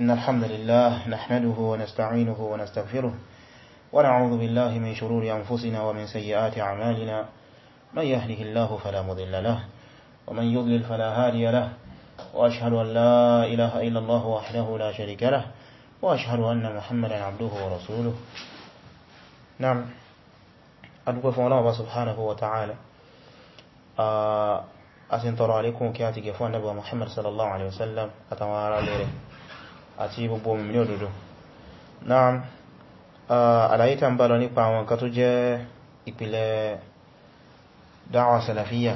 إن الحمد لله نحمده ونستعينه ونستغفره ونعوذ بالله من شرور أنفسنا ومن سيئات أعمالنا من يهده الله فلا مضل له ومن يضلل فلا هادي له وأشهد أن لا إله إلا الله وحده لا شريك له وأشهد أن محمدا عبده ورسوله نعم adúgbẹ́ fún ọlọ́wọ́ bá subhanahu wa ta'ala a sin tọrọ alékún kí a ti gẹ̀ fún annabawa àti gbogbo omi ní òdodo náà ah, àlàyé tàn bá lọ nípa àwọn nǹkan tó jẹ́ ìpìlẹ̀ dáwà salafiyya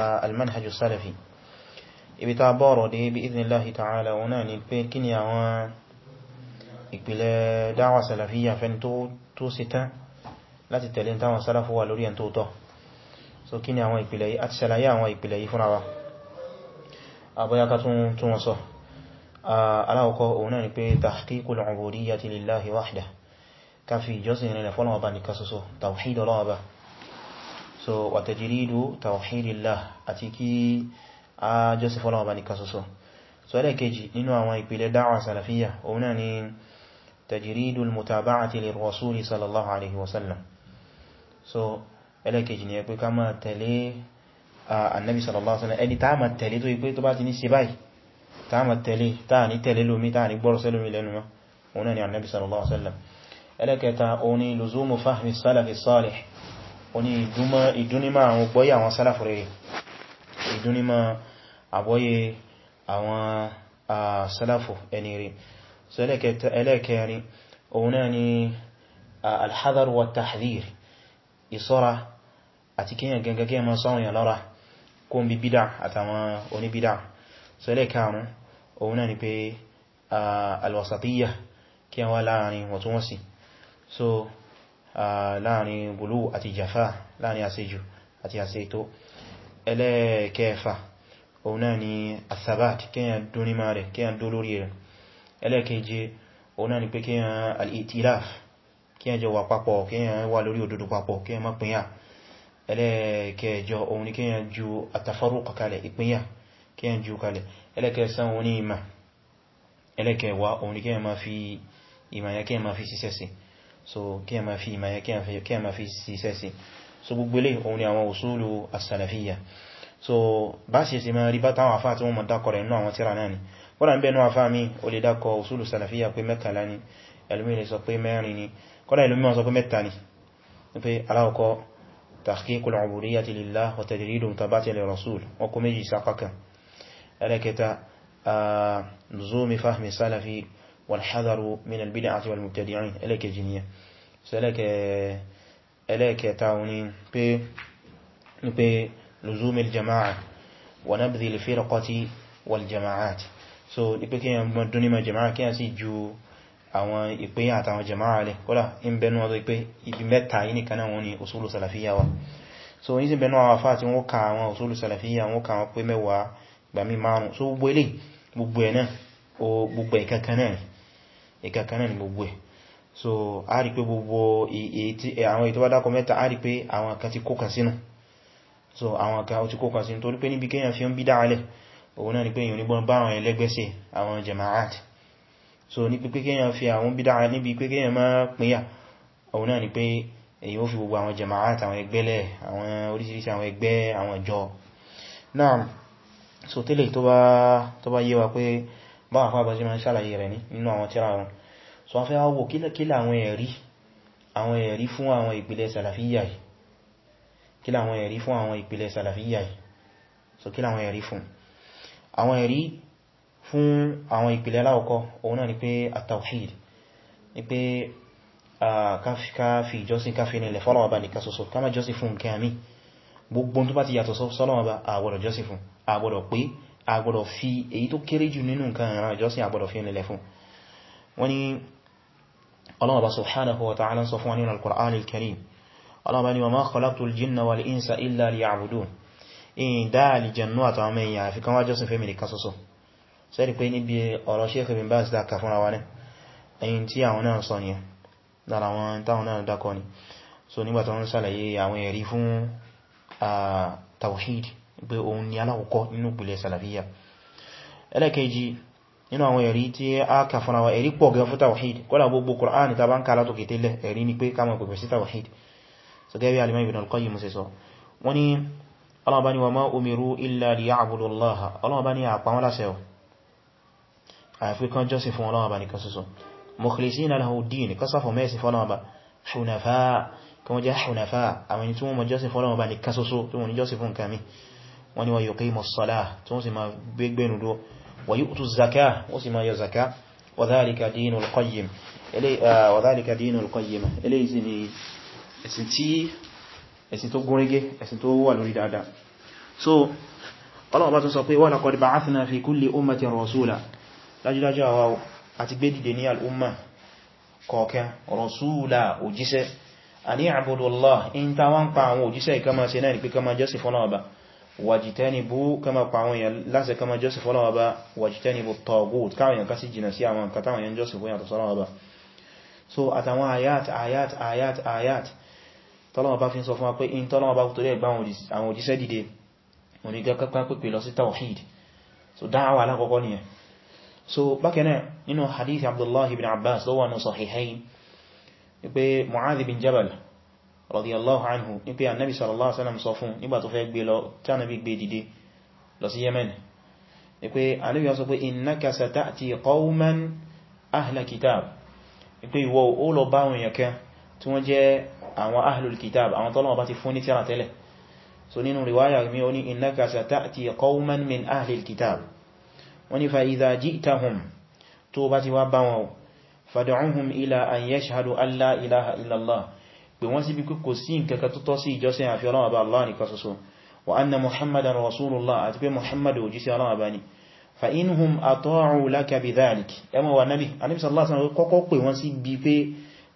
ah, almanhajjú salafi ibi ta bọ́rọ̀ dé bí idhnillahi ta'ala wọn náà ni pé kí ni àwọn ìpìlẹ̀ dáwà salafiyya fẹ́ tó sì tán láti tẹ̀lé táwọn salafu wà lórí ẹn tó tọ́ so kí so aláwọ̀kọ́ ah, òun náà ni pé tahqiqul ubudiyyati lillahi wahda ká fi ìjọsìn rẹ̀ fọ́lọ́wọ́ bá nìkan ṣoṣo tawhid Ọlọ́run Ọba so wa tajridu tawhidillah àti kí a jọsìn fọ́lọ́wọ́ bá nìkan ah, annabi sallallahu alaihi wasallam ẹni tá máa tẹ̀lé tó ipé tó bá ti ní ṣe báyìí táàmà tẹ̀lé táà ní tẹ̀lé lómi táà ní gbọ́rọ̀ sẹ́lómi lẹ́nu mọ́ òun náà ni annabi sallallahu alaihi wasallam ẹlẹ́kẹta òun ni lùzúmù fahmi salafi salih òun ni ìdúnímà àwọn gbọ́yé àwọn sálàfù rere ìdúnímà àgbọ́yé àwọn sálàfù ẹni rí so ẹlẹ́kẹrin òun náà ni alhadar wa tahdhir ìṣọ́ra àti kíyàn gẹngẹgẹ ma sọ́run yà lọ́ra kó ń bí bídá àtàwọn oníbídá so ẹlẹ́kẹrin òun náà ni pé alwasatiyya kí a wá láàrin wọ̀túnwọ̀sí so láàrin gulu àti jafa láàrin àṣejù àti àṣetó ẹlẹ́ẹ̀kẹfà òun náà ni athabat kíyàn dúnrí máa rẹ̀ kíyàn dó lórí rẹ̀ ẹlẹ́ẹ̀keje òun náà ni pé kíyàn al-itilaf kíyàn jọ wà papọ̀ kíyàn wà lórí òdodo papọ̀ kíyàn má ẹlẹ́ẹ̀kẹjọ òun ni kíyàn ju atafarruq kalẹ̀ ìpínyà kíyàn ju kalẹ̀ ẹlẹ́kẹsàn òun ní ìmà ẹlẹ́kẹwà òun ní kí ẹ ma fi ìmà yẹn kí ẹ ma fi síṣẹ́ sí so kí ẹ ma fi ìmà yẹn kí ẹ ma fi síṣẹ́ sí so gbogbo ilé òun ni àwọn usulu as-salafiyya so bá ṣe sí ma rí bá táwọn afá tí wọ́n ma dákọ̀ rẹ̀ nínú àwọn tíra náà ni wọ́n na ń bẹ̀nu afá mi o lè dákọ̀ usulu salafiyya pé mẹ́kànlá ni ẹlòmí lè sọ pé mẹ́rin ni kọ́lá ẹlòmí wọn sọ pé mẹ́ta ni pé aláwọ̀kọ́ tahqiqul ubudiyyati lillah wa tadridu tabati lirrasul wọ́n kó méjì sápá kan ẹlẹ́kẹta nuzumi fahmi salafi walhadaru min albid'ati walmubtadi'in ẹlẹ́kẹjì ni so ẹlẹ́kẹta ni pé nuzumi aljama'a wa nabdhi alfirqati waljama'at so ní pé kíyàn mọ́dún ní ma jama'a kíyàn sí ju àwọn ìpé àtàwọn jama'a rẹ̀ kọ́lá in bẹnu ọdọ́ ìpé ibi mẹ́ta yìí nìkan náà wọn ni usulu salafiyya wa so yìí sí bẹnu àwọn afá tí wọ́n ka àwọn usulu salafiyya wọ́n ka wọn pé mẹ́wàá gbàmí márùn so gbogbo ilé gbogbo ẹ̀ náà o gbogbo ìkankan náà ìkankan náà ni gbogbo ẹ̀ so a rí pé gbogbo e, àwọn ètò bádákọ mẹ́ta a rí pé àwọn kan ti kókan sínú so àwọn kan ti kókan sínú torí pé níbi kéyàn fi ń bí dáalẹ̀ òun náà ni pé èyàn níbọn bá àwọn ẹlẹ́gbẹ́sẹ̀ àwọn jama'at so ní pé kéyàn fi àwọn bí dáa níbi pé kéyàn má pínyà òun náà ni pé èyàn ó fi gbogbo àwọn jama'at àwọn ẹgbẹ́lẹ̀ àwọn oríṣiríṣi àwọn ẹgbẹ́ àwọn ìjọ náà so tẹ́lẹ̀ tó bá yíwa pé bá wà fábà baji ma ń ṣàlàyé rẹ̀ nínú àwọn tíra wọn so wọ́n fẹ́ wò kílà àwọn ẹ̀rí àwọn ẹ̀rí fún àwọn ìpìlẹ̀ sàlàfíyà yìí kílà àwọn ẹ̀rí fún àwọn ìpìlẹ̀ sàlàfíyà yìí so kílà àwọn ẹ̀rí fún àwọn ẹ̀rí fún àwọn ìpìlẹ̀ aláwọ̀kọ́ òun náà ni pé at-tawhid ni pé ká fi ìjọsìn ká fi nílẹ̀ fọ́lọ́wọ́ bá nìkan ṣoṣo ká má jọ́sìn fún nǹkan àmì gbogbo tó bá ti yàtọ̀ sọ́lọ́wọ́ bá àwọ̀rọ̀ jọ́sìn fún àgbọ̀dọ̀ pé àgbọ̀dọ̀ fi èyí tó kéré jù nínú nǹkan ìran ìjọsìn àgbọ̀dọ̀ fi nílẹ̀ fún wọ́n ni ọlọ́wọ́ bá subhanahu wa ta'ala sọ fún wa nínú al-Qur'an al-Karim ọlọ́wọ́ bá ni wa ma khalaqtul jinna wal insa illa liya'budun in dáàlì jẹnu àtàwọn mẹ́yìn àfi kan wá jọsìn fẹ́mì nìkan ṣoṣo sẹ́rì pé níbi ọ̀rọ̀ Sheikh Ibn Baz sọ nìyẹn wọn táwọn so nígbàtà wọn sàlàyé àwọn ẹ̀rí fún tawhid pé òun ni alákọ̀ọ́kọ́ nínú ìpìlẹ̀ salafiyya ẹlẹ́kẹ́jì nínú àwọn ẹ̀rí tí a kà fúnra wa ẹ̀rí pọ̀ gan fún tawhid kọ́lá gbogbo Qur'an ta bá ń kààlá tó kété lẹ̀ ẹ̀rí ni pé ká máa pẹ̀pẹ̀ sí tawhid so gẹ́gẹ́ bí Al-Imam Ibn al-Qayyim ṣe sọ wọ́n ni Allah bá ní wa ma umiru illa kan jọ́sìn jẹ́ hunafa àwọn ẹni jọ́sìn fún Allah ní kan tí wọ́n ní jọ́sìn fún nǹkan wọ́n ni wa yuqimus salah tó sì máa gbẹ́gbẹ́nu dó wa yu'tu zaka ó sì máa yọ zaka wa dhalika dinul qayyim wa eléyìí ni ẹ̀sìn tó gúnrégé ẹ̀sìn tó wà lórí dáadáa so ọlọ́wọ́ bá tún sọ pé wa laqad ba'athna fi kulli ummatin rasula dájúdájú àwa àti gbé dìde ní al'umma kọ̀ọ̀kan rasula òjíṣẹ́ a ní a'budu Allah in ta wọ́n wajitanibu kama pàwọn èèyàn láṣẹ kama joseph ọlọ́wọ́ bá wajitanibu tagut káwọn èèyàn kásí jìnà sí àwọn nǹkan táwọn èèyàn joseph yàtọ̀ sọ́lọ́wọ́ bá so àtàwọn ayat ayat ayat ayat tọ́lọ́wọ́ bá fi ń sọ fún wa pé in tọ́lọ́wọ́ bá torí ẹgbà àwọn òjíṣẹ́ dìde onígá kápá pípẹ̀ lọ sí tawhid so dáwà alákọ̀ọ́kọ́ nìyẹn so bákanáà nínú hadith abdullahi bin abbas lọ́wọ́ nù sahihain pé mu'adh bin jabal radiyallahu anhu ní pé annabi sallallahu alaihi wasallam sọ fún nígbà tó fẹ́ gbé lọ tí annabi gbé dìde lọ sí yemen ní pé annabi sọ pé innaka sata'ti qauman ahla kitab ní pé ìwọ ó lọ bá wọn yẹ̀kẹ́ tí wọ́n jẹ́ àwọn ahlul kitab àwọn tọ́lọ́wọ́ bá ti fún ní tíra tẹ́lẹ̀ so nínú riwaya mi ó ní innaka sata'ti qauman min ahlil kitab wọ́n fa idha ji'tahum tó bá ti wá bá wọn fad'uhum ila an yashhadu an la ilaha illallah pè wọ́n sí bí kò sí nǹkankan tó tọ́ sí ìjọsìn àfi Ọlọ́run Ọba Allah nìkan ṣoṣo wa anna muhammadan rasulullah àti pé muhammadu òjíṣẹ́ Ọlọ́run Ọba ni fa inhum ata'u laka bidhalik ẹmọ wa nabi anabi sallallahu alaihi wasallam kọ́kọ́ pè wọ́n sí bí pé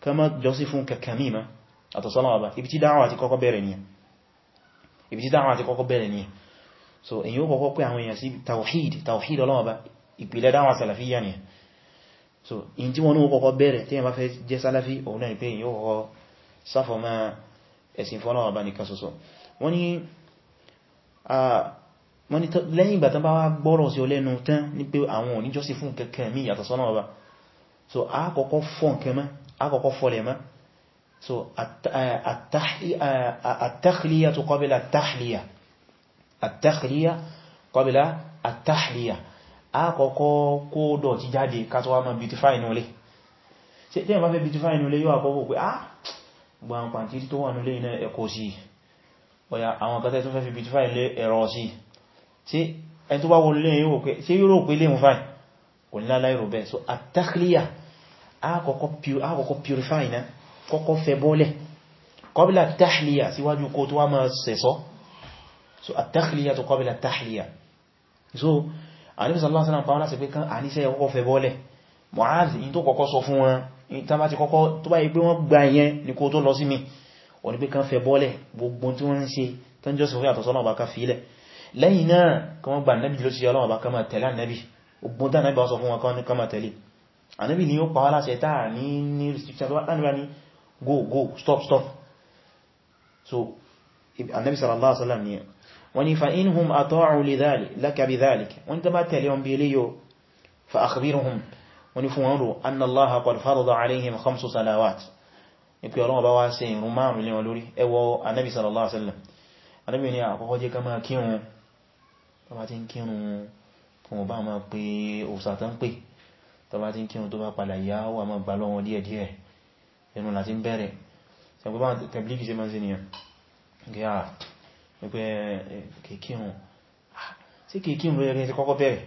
kama jọsí fún kakami ma àtọ̀sọ́lọ́run Ọba ibi tí dáwà ti kọ́kọ́ bẹ̀rẹ̀ nìyẹn ibi tí ti kọ́kọ́ bẹ̀rẹ̀ nìyẹn so èyí ó kọ́kọ́ pé àwọn èèyàn sí tawhid tawhid Ọlọ́run Ọba ìpìlẹ̀ dáwà salafiyya nìyẹn so in tí wọn ó kọ́kọ́ bẹ̀rẹ̀ tí yẹn bá fẹ́ salafi òun náà ni pé èyí ó sáfọ̀mọ́ ẹ̀sìn fọ́lọ́wọ́ bá nìkan ṣoṣo wọ́n ni lẹ́yìn ìgbà tán bá wá gbọ́rọ̀ sí olẹ́nu tán ní pé àwọn oníjọ́sí fún kẹ́kẹ́ mí yàtọ̀ sọ́nà ọba so àkọ́kọ́ fọ́ nkẹ́ mọ́ àkọ́kọ́ fọ́lẹ̀ mọ́ so àtàkìlíyà tó kọ́bílá àtàkìlíyà àtàkìlíyà kọ́bílá àtàkìlíyà àkọ́kọ́ kó dọ̀ ti jáde ká tó gbọ́n pàntí tó wà nílé iná ẹ̀kọ́ sí ọ̀yà àwọn kẹta tó fẹ́ fi bitifá ilé ẹ̀rọ sí tí ẹni tó bá wọ lè yíò pé sí yíò pé lè mú fáì kò ní láláì rò bẹ́ẹ̀ so àtàkìlíyà àkọ́kọ́ purify na kọ́kọ́ fẹ́ bọ́lẹ̀ kọ́bílà tàhìlíyà síwájú kó tó wá máa sẹ̀sọ́ so àtàkìlíyà tó kọ́bílà tàhìlíyà so àníbìsà lọ́sánà pàwọn láti pé kán àníṣẹ́ ẹ̀kọ́kọ́ fẹ́ bọ́lẹ̀ Mu'adh in tó kọ́kọ́ sọ fún wọn in tán bá ti kọ́kọ́ tó bá yí pé wọ́n gba yẹn ní kó tó lọ sí mi wọ́n ni pé kan fẹ́ bọ́lẹ̀ gbogbo tí wọ́n ń ṣe tán jọ́sìn fún àtọ̀sọ́nà ọba ká fílẹ̀ lẹ́yìn náà kan wọ́n gba go go stop stop so anẹ́bì sallallahu alaihi wasallam ni wọ́n ni fa in hum ata'u li dhalik laka bi dhalik fa akhbirhum wọ́n ní fún wọn rò anna Allaha qad farada alayhim khamsu salawat ìpé ọlọ́wọ́ bá wá ṣe ìrun márùn lé wọn lórí ẹ wò anábi sallallahu alaihi wasallam anábi ní àkọ́kọ́ jẹ́ ká máa kírun tó bá ti ń kírun fún ọba máa pé òsàtán pé tó bá ti ń kírun tó bá padà yá wà máa gbà ti kọ́kọ́ bẹ̀rẹ̀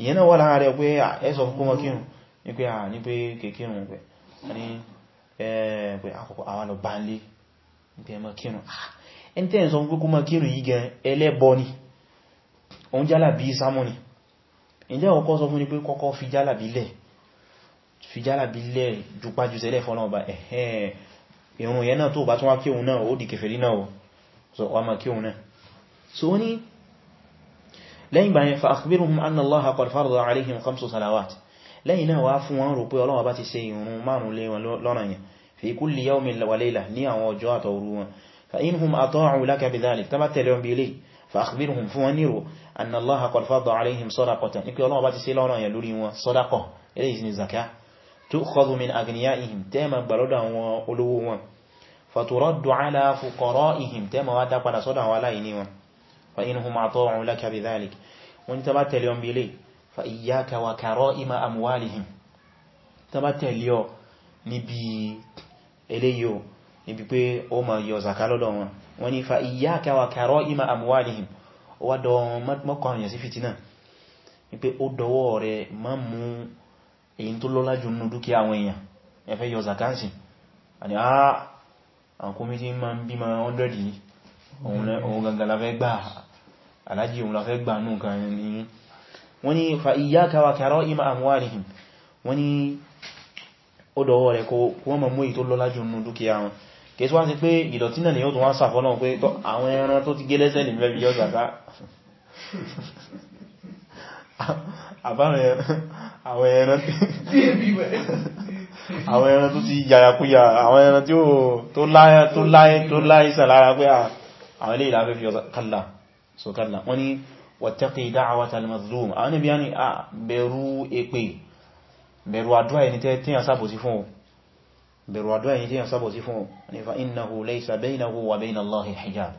ìyẹn náà wà láàárẹ̀ pé ẹ́sọ̀ fún kọmọ kírùn ní pé à ní pé kèkírùn pẹ̀ ní pé àkọ́kọ́ àwọn lọ bá ń lé ní pé ẹmọ kírùn ẹni tẹ́ sọ pé kọmọ kírùn yìí gan ẹlẹ́bọ ni òun jálàbí sámọ́ ni ìjẹ́ ọkọ́ sọ fún ni pé kọ́kọ́ fi jálàbí lẹ̀ lẹ̀ jùpájú sẹ́lẹ̀ so ọmọ kírùn náà lẹ́yìn gbáyẹn fa akhbiruhum anna allaha qad farada alayhim khamsu salawat lẹ́yìn náà wá fún wọn rò pé Ọlọ́run bá ti ṣe ìrun márùn lé wọn lọ́ranyàn fi kulli yawmin wa layla ní àwọn ọjọ́ àtọ̀rú wọn wọn فإنهم أطاعوا لك بذلك وانت بات اليوم بلي فإياك وكرائم أموالهم تبات اليوم نبي إليو níbi pé ó ma yọ zaka lọ́dọ̀ wọn wọ́n ní fa iyyaka wa karaima amwalihim ó wá dọ̀ mọ́kọ̀ àyàn sí fìtínà ní pé ó dọwọ́ rẹ̀ má mú èyí tó lọ́lá jù nínú dúkìá àwọn èèyàn ẹfẹ́ yọ zaka ń sìn àni àà àkómi ma ń ma 100 yìí òun gangan la fẹ́ gbà alájì òun lafẹ́ gbà nù kan ní wọ́n ni fa iyyaka wa kara'ima amwalihim wọ́n ni ó dọ̀wọ́ rẹ̀ kó wọ́n mọ̀ mú èyí tó lọ́lá jù nù dúkìá wọn kèsí wá sí pé ìdọ̀tí náà ni yóò tún wá sàfọ́nà pé àwọn ẹran tó ti gé lẹ́sẹ̀ ní mẹ́bí yóò sàtá àwọn ẹran tó ti yàyàkúyà àwọn ẹran tó láìsàn lára pé àwọn ilé ìlàfẹ́ fi ọ̀sà kàlà so kalla wọ́n ni wattaqi da'wata al-mazlum àwọn níbi yáni a bẹ̀rù èpè bẹ̀rù àdúrà ẹni tí yàn sábòsí fún ọ bẹ̀rù àdúrà ẹni tí yàn sábòsí fún ọ ni fa innahu laysa baynahu wa bayna Allahi hijab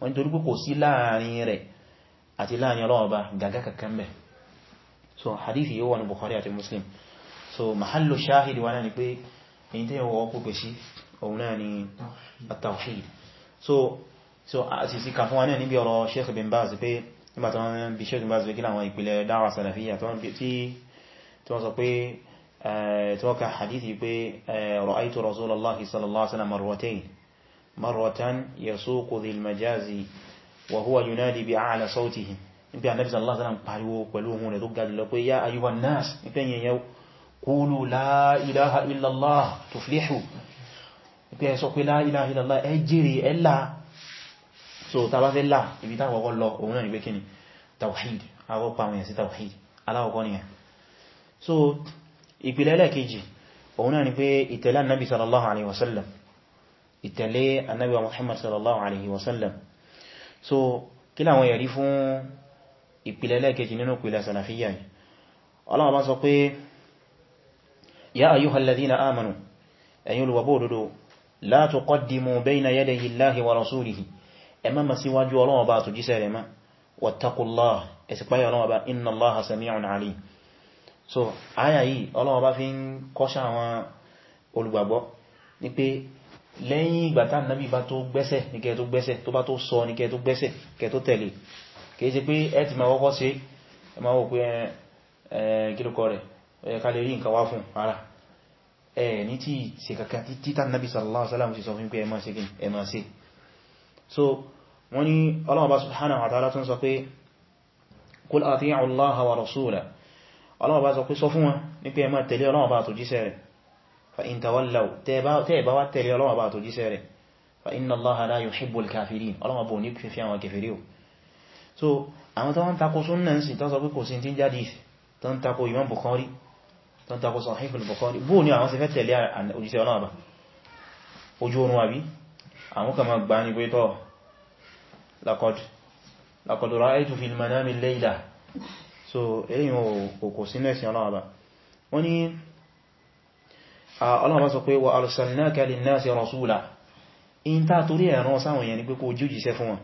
wọ́n torí pé kò sí láàrin rẹ̀ àti láàrin ba gàgá kankan bẹ̀ so hadithi yóò wà Bukhari àti Muslim so mahallu shahidi wa ni pé èyí tí yàn wọ́n kó pẹ̀ sí òun náà ni at-tawhid so so a sì sí kàfún wa náà níbi ọ̀rọ̀ Sheikh bin Baz pé nígbà tó wọ́n bí Sheikh bin Baz pé kí láwọn ìpìlẹ̀ dáwà salafiyya tó wọ́n sọ pé tó wọ́n ka hadithi pé ra'aytu rasulallahi sallallahu alaihi wasallam marratayn marratan yasuqu dhil majazi wa huwa yunadi bi a'la sawtihi níbi ànábì sallallahu alaihi wasallam pariwo pẹ̀lú ohun rẹ̀ tó ga jùlọ pé ya ayyuhan nas nípe yẹn yau qulu la ilaha illallah tuflihu nípe ẹ sọ pé la ilaha illallah ẹ jèrè ẹ láà so ta bá fẹ́ là ibi tá àkọ́kọ́ lọ òun náà ni pé kíni tawhid àkọ́kọ́ àwọn èèyàn tawhid aláwọ̀kọ́ nìyàn so ìpìlẹ̀ ẹlẹ́ẹ̀kejì òun náà ni pé ìtẹ̀lé annabi sallallahu alaihi wasallam ìtẹ̀lé annabi wa muhammad sallallahu alaihi wasallam so kí láwọn yẹ̀rí fún ìpìlẹ̀ ẹlẹ́ẹ̀kejì nínú ìpìlẹ̀ salafiyya yìí Allah bá sọ pé ya ayyuhal ladhina amanu ẹ̀yin olùwàbó òdodo la tuqaddimu bayna yadayi Allahi ẹ má ma síwájú Ọlọ́run Ọba àtòjíṣẹ́ rẹ̀ má wattaqullah ẹ sì páyà Ọlọ́run Ọba inna Allaha so àyà yìí Ọlọ́run Ọba fi ń kọ́ṣà àwọn olùgbàgbọ́ ní pé lẹ́yìn ìgbà tá nàbí bá tó gbẹ́sẹ̀ ní kẹ́ tó gbẹ́sẹ̀ tó bá tó sọ ní kẹ́ tó gbẹ́sẹ̀ kẹ́ tó tẹ̀lé kìí ṣe pé ẹ ti máa kọ́kọ́ ṣe ẹ máa wò pé kílùkọ rẹ̀ ẹ ká lè rí so wọ́n ni ọlọ́wọ́ subhanahu wa ta'ala tún sọ pé kul ati'u allaha wa rasula ọlọ́wọ́ bá sọ pé sọ fún wọn ní pé ẹ máa tẹ̀lé ọlọ́wọ́ bá tó jíṣẹ́ rẹ̀ fa in tawallaw tẹ́ so àwọn tó ń takò súnnà ń sì tán sọ pé kò sí tí ń jáde tó ń takò Imam Bukhari tó àwọn kama gbá ní pé tọ́ laqad ra'aytu fil manami layla so èyàn òkò sí nẹ́sì ọlọ́ọ̀bá wọ́n ni ọlọ́ọ̀bá sọ pé wa arsalnaka linnasi rasula in ta torí ẹ̀rọ sáwọn èèyàn ni pé kó jíjíṣẹ́ fún wọn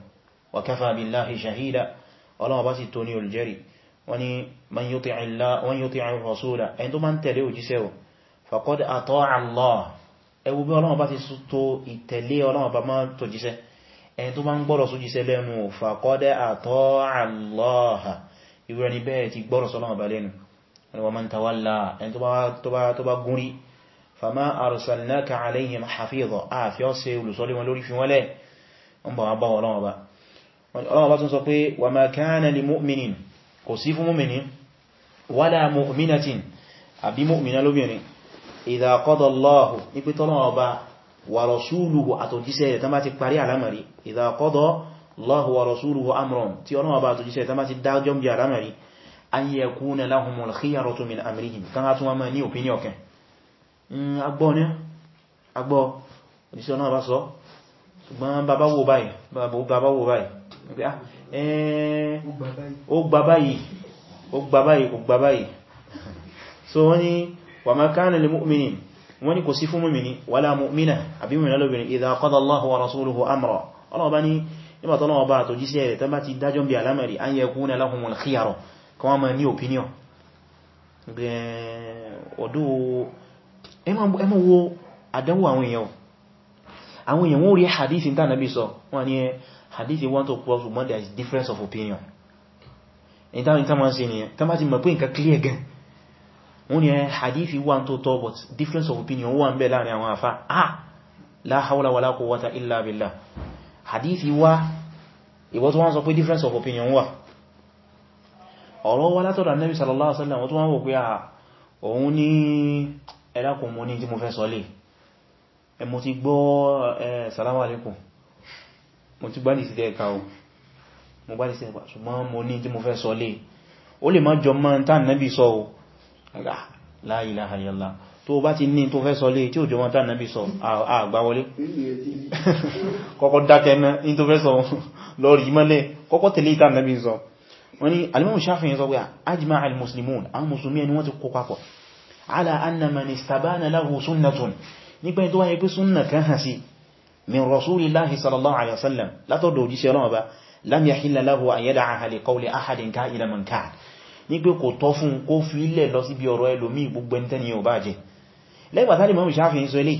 wa kafa billahi shahida ọlọ́ọ̀bá sì tó ní olùjẹ́rì wọ́n ni man yuti'i Allah ẹwù bí Ọlọ́run bá ti tó ìtẹ̀lé Ọlọ́run bá máa tó jíṣẹ́ ẹni tó bá ń gbọ́rọ̀ só jíṣẹ́ lẹ́nu fàkọ́dẹ́ àtọ́ àlọ́ha ìwúrẹ́ ni bẹ́ẹ̀ ti gbọ́rọ̀ sọ́lọ́run bá lẹ́nu wa man tawalla ẹni tó bá gúnrí fama arsalnaka alayhim hafiza a fi ọ́ ṣe olùsọ́lé wọn lórí fi wọ́lẹ̀ ń bọ̀ wá idha qada Allahu nípé tọ́nà ọba wa rasuluhu àtòjíṣẹ́ rẹ̀ tán bá ti parí alamari idha qada Allahu wa rasuluhu amran tí ọ̀nà ọba àtòjíṣẹ́ rẹ̀ tán bá ti dájọ́ bí alamari an yakuna lahumul khiyaratu min amrihim kan hatu wọn ní opinion kan hmm, agbọ́ ní agbọ́ òjíṣẹ́ ọ̀nà ọba sọ ah, eh, so wọ́n ni wa ma kana lil mu'minin wọ́n ní kò sí fún mùmìnì wala mu'mina àbí mùmìnà lóbìnrin idha qada Allahu wa rasuluhu amra ọlọ́ọ̀bá ní nígbà tọ́lọ́wọ́ bá àtòjíṣẹ́ rẹ̀ tán bá ti dájọ́ bí alámẹ̀rí an yakuna lahumul khiyara kan wọ́n ma ní opinion ọdọ́ ẹmọ wo àdánwò àwọn èèyàn àwọn èèyàn wọ́n rí hadith ní tánàbí sọ wọ́n ní hadith wọ́n tó pọ̀ ṣùgbọ́n there is difference of opinion in tánàbí sọ ní tánàbí mọ̀ pé nǹkan clear gan wọ́n ní eh, hadithi wà tó tọ́ but difference of opinion wà ń bẹ láàrin àwọn àfá ah la hawla wala quwwata illa billah hadithi wà ìwọ́ tó wọ́n sọ pé difference of opinion wà ọ̀rọ̀ wá látọ̀dọ̀ Ànábì sallallahu alaihi wasallam wọ́n tó wọ́n wò pé à ah, òun ní ẹlákùn mo ní tí mo fẹ́ sọ lè eh, mo ti gbọ́ eh, salamu alaikum mo la ilaha illallah tó bá ti ní tó fẹ́ sọ lé tí ò jọmọ́ tán nàbí sọ àgbàwọlé kọ́kọ́ dákẹ́ náà ní tó fẹ́ sọ lọ́rí mọ́lẹ̀ kọ́kọ́ tẹ̀lé tán nàbí sọ wọ́n ni alimamu shafi'in sọ pé ajima al-muslimun àwọn musulmi ẹni wọ́n ti kó papọ̀ ala anna man istabana lahu sunnatun nípa tó wáyé pé sunna kan hàn sí min rasulillahi sallallahu ní pé kò tọ́ fún kó fi ilẹ̀ lọ síbi ọ̀rọ̀ ẹlòmí gbogbo ẹni tẹ́ni ọba jẹ lẹ́gbà tí Imam Shafi'i sọ ilé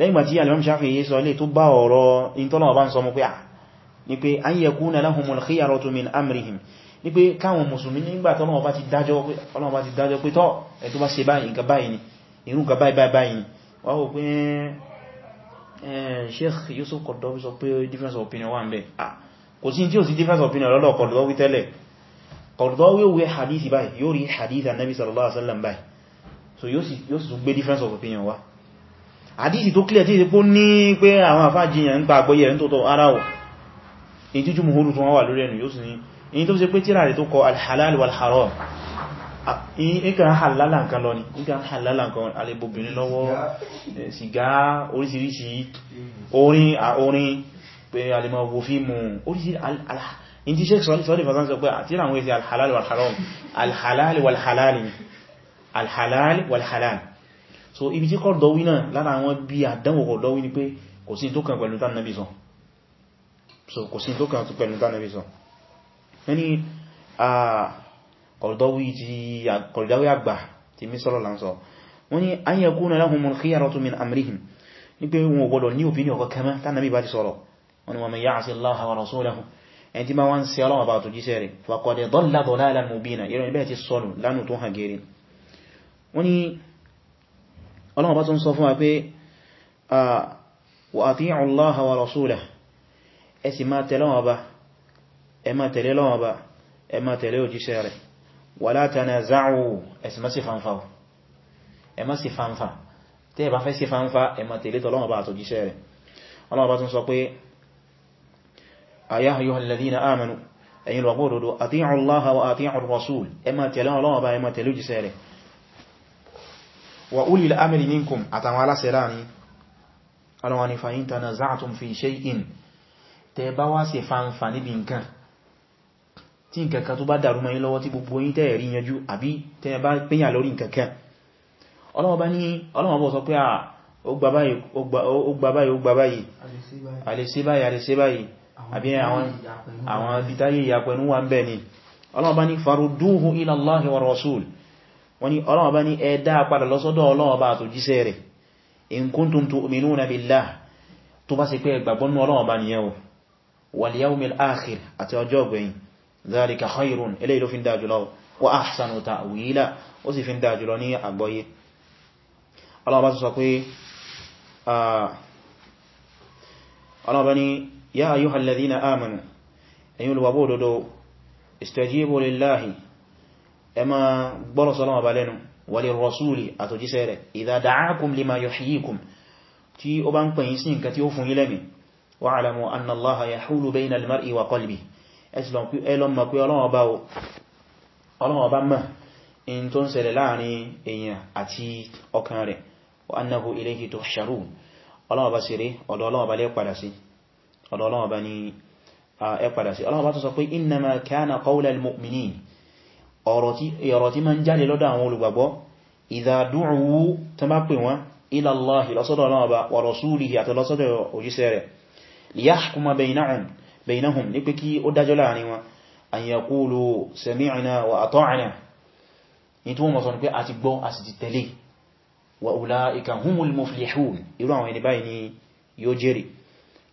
lẹ́gbà tí Imam Shafi'i tó bá ọ̀rọ̀ ìtọ́lọ̀ ọba ń sọ mú pé à ah, ní pé an yakuna lahumul khiyaratu min amrihim ní pé káwọn mùsùlùmí nígbà tọ́lọ́wọ́ bá ti dájọ́ pé tọ́ ẹ̀ tó bá ṣe báyìí ni irú nǹkan báyìí báyìí ni wọ́n wò eh, eh, Yusuf Qaradawi sọ pé difference opinion wà ń bẹ̀ ah, kò sí tí ó sí difference opinion lọ́lọ́ Qaradawi tẹ́lẹ̀ Qardawi yóò wé hadithi báyìí yóò rí hadithi annabi sallallahu alaihi wasallam báyìí so yóò sì tún gbé difference of opinion wá hadithi tó clear tí ó ní pé àwọn àfájiyàn ń pa àgbọ́yẹ̀ ń tótọ́ ara wọ̀ èyí tí jùmùhúrù tún wọ́n wà lórí ẹnu yóò sì ní èyí tó fi ṣe pé tíra rẹ̀ tó kọ alhalal wal haram ìkan halala nǹkan lọ ni ìkan halala nǹkan alẹ́bobìnrin lọ́wọ́ sìgá oríṣiríṣi orin in ti sheik sọ́rí fàzán sọ pé àti ìrànwé sí alhalal walharam alhalal walhalal alhalal walhalal so ibi tí kọ́ dọ̀wí náà lára àwọn bí àdánwò kọ̀ dọ̀wí ni pé kò sí tó kàn pẹ̀lú tánàbí so kò sí tó kàn pẹ̀lú tánàbí sọ ẹni kọ̀dọ̀wí àgbà ti mí sọ́rọ̀ lánsọ wọ́n ni an yakuna lahumul khiyaratu min amrihim ní pé wọn ò gbọdọ̀ ní opinion kọ̀kẹ́mẹ́ tánàbí bá ti sọ̀rọ̀ wọn ni wa man ya'si Allaha wa rasulahu ẹni tí ma wá ń ṣe ọlọ́wọ́ bá tó jíṣẹ́ rẹ̀ fàkọ̀dẹ̀ dalla dalalan mubina ìrìn ibẹ̀ ti sọnù lánù tó hàn gẹ̀rẹ̀ wọ́n ni ọlọ́wọ́ bá tó ń sọ fún wa pé wa ati'u Allaha wa rasulahu ẹ sì máa tẹ̀lé Ọlọ́run Ọba ẹ máa tẹ̀lé Ọlọ́run Ọba ẹ máa bá tún sọ pé يا أيها الذين آمنوا أي الوقود أطيعوا الله وأطيعوا الرسول إما تلو الله با إما تلو جساله وأولي الأمر منكم أتمالا سلاني ألواني فإن تنزعتم في شيء تبوا سفان فاني بنكان tí nkankan tó bá dàrú mọ́ yín lọ́wọ́ tí gbogbo yín tẹ́ẹ̀rí yanjú àbí tẹ́ẹ̀ bá pínyà lórí nkankan ọlọ́wọ́ bá ní ọlọ́wọ́ bọ́ sọ pé à ó gbà báyìí ó gbà báyìí alẹ́sẹ́ báyìí alẹ́sẹ́ báyìí àbí àwọn bitaye ìyapẹnu wà ń bẹ ni Ọlọ́run bá ní farudúhu ila Allahi wa rasul wọ́n ní Ọlọ́run bá ní ẹ̀dá padà lọ́sọ́dọ̀ Ọlọ́run bá tó jíṣẹ́ rẹ̀ in kuntum tu'minuna billah tó bá ṣe pé ẹgbàgbọ́ nú Ọlọ́run bá nìyẹn o wal yawmil akhir àti ọjọ́ gbẹ̀yìn dhalika khairun يا أيها الذين آمنوا أيها الوابود دو استجيبوا لله أما برو صلى الله عليه وللرسول أتجسر إذا دعاكم لما يحييكم تي أبان قيسين كتيوف إلمي واعلموا أن الله يحول بين المرء وقلبه أسلم ما كي الله أباو الله أبا in tó ń ṣẹlẹ̀ láàrin èèyàn àti ọkàn rẹ̀ wa annahu ilayhi tuhsharun ọlọ́wọ́ bá sí rí ọ̀dọ̀ ọlọ́wọ́ bá ọ̀dọ̀ ọlọ́wọ́ bá ní ẹ padà sí ọlọ́wọ́ bá tó sọ pé innama kana qawla al-mu'minin ọ̀rọ̀ tí ma ń jáde lọ́dọ̀ àwọn olùgbàgbọ́ idha du'u tó bá pè wọ́n ila Allahi lọ́sọ́dọ̀ ọlọ́wọ́ bá wa rasulihi àti lọ́sọ́dọ̀ òjíṣẹ́ rẹ̀ liyahkuma baynahum ní pé kí ó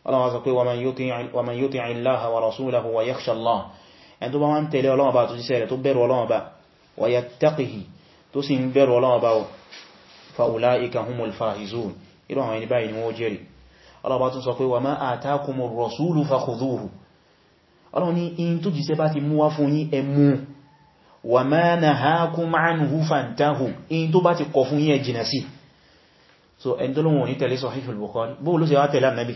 ọlọ́wọ́ sọ pé waman yuti illaha wa rasulahu wa yakhsha Allah ẹni tó bá wá ń tẹ̀lé Ọlọ́run bá tó jíṣẹ́ rẹ̀ tó bẹ̀rù Ọlọ́run bá wa yattaqihi tó sì ń bẹ̀rù Ọlọ́run bá fa ulaika humul faizun irú àwọn ẹni báyìí ni wọ́n jẹ́rì Ọlọ́run bá tún sọ pé wa ma atakumur rasulu fakhudhuhu Ọlọ́run ní in tó jíṣẹ́ bá ti mú wá fún yín ẹ mú wa ma nahakum anhu fantahu in tó bá ti kọ̀ fún yín ẹ jìnà sí so ẹni tó lóhun ní tẹ̀lé Sahih al-Bukhari bóòlù sí wá tẹ̀lé Ànábì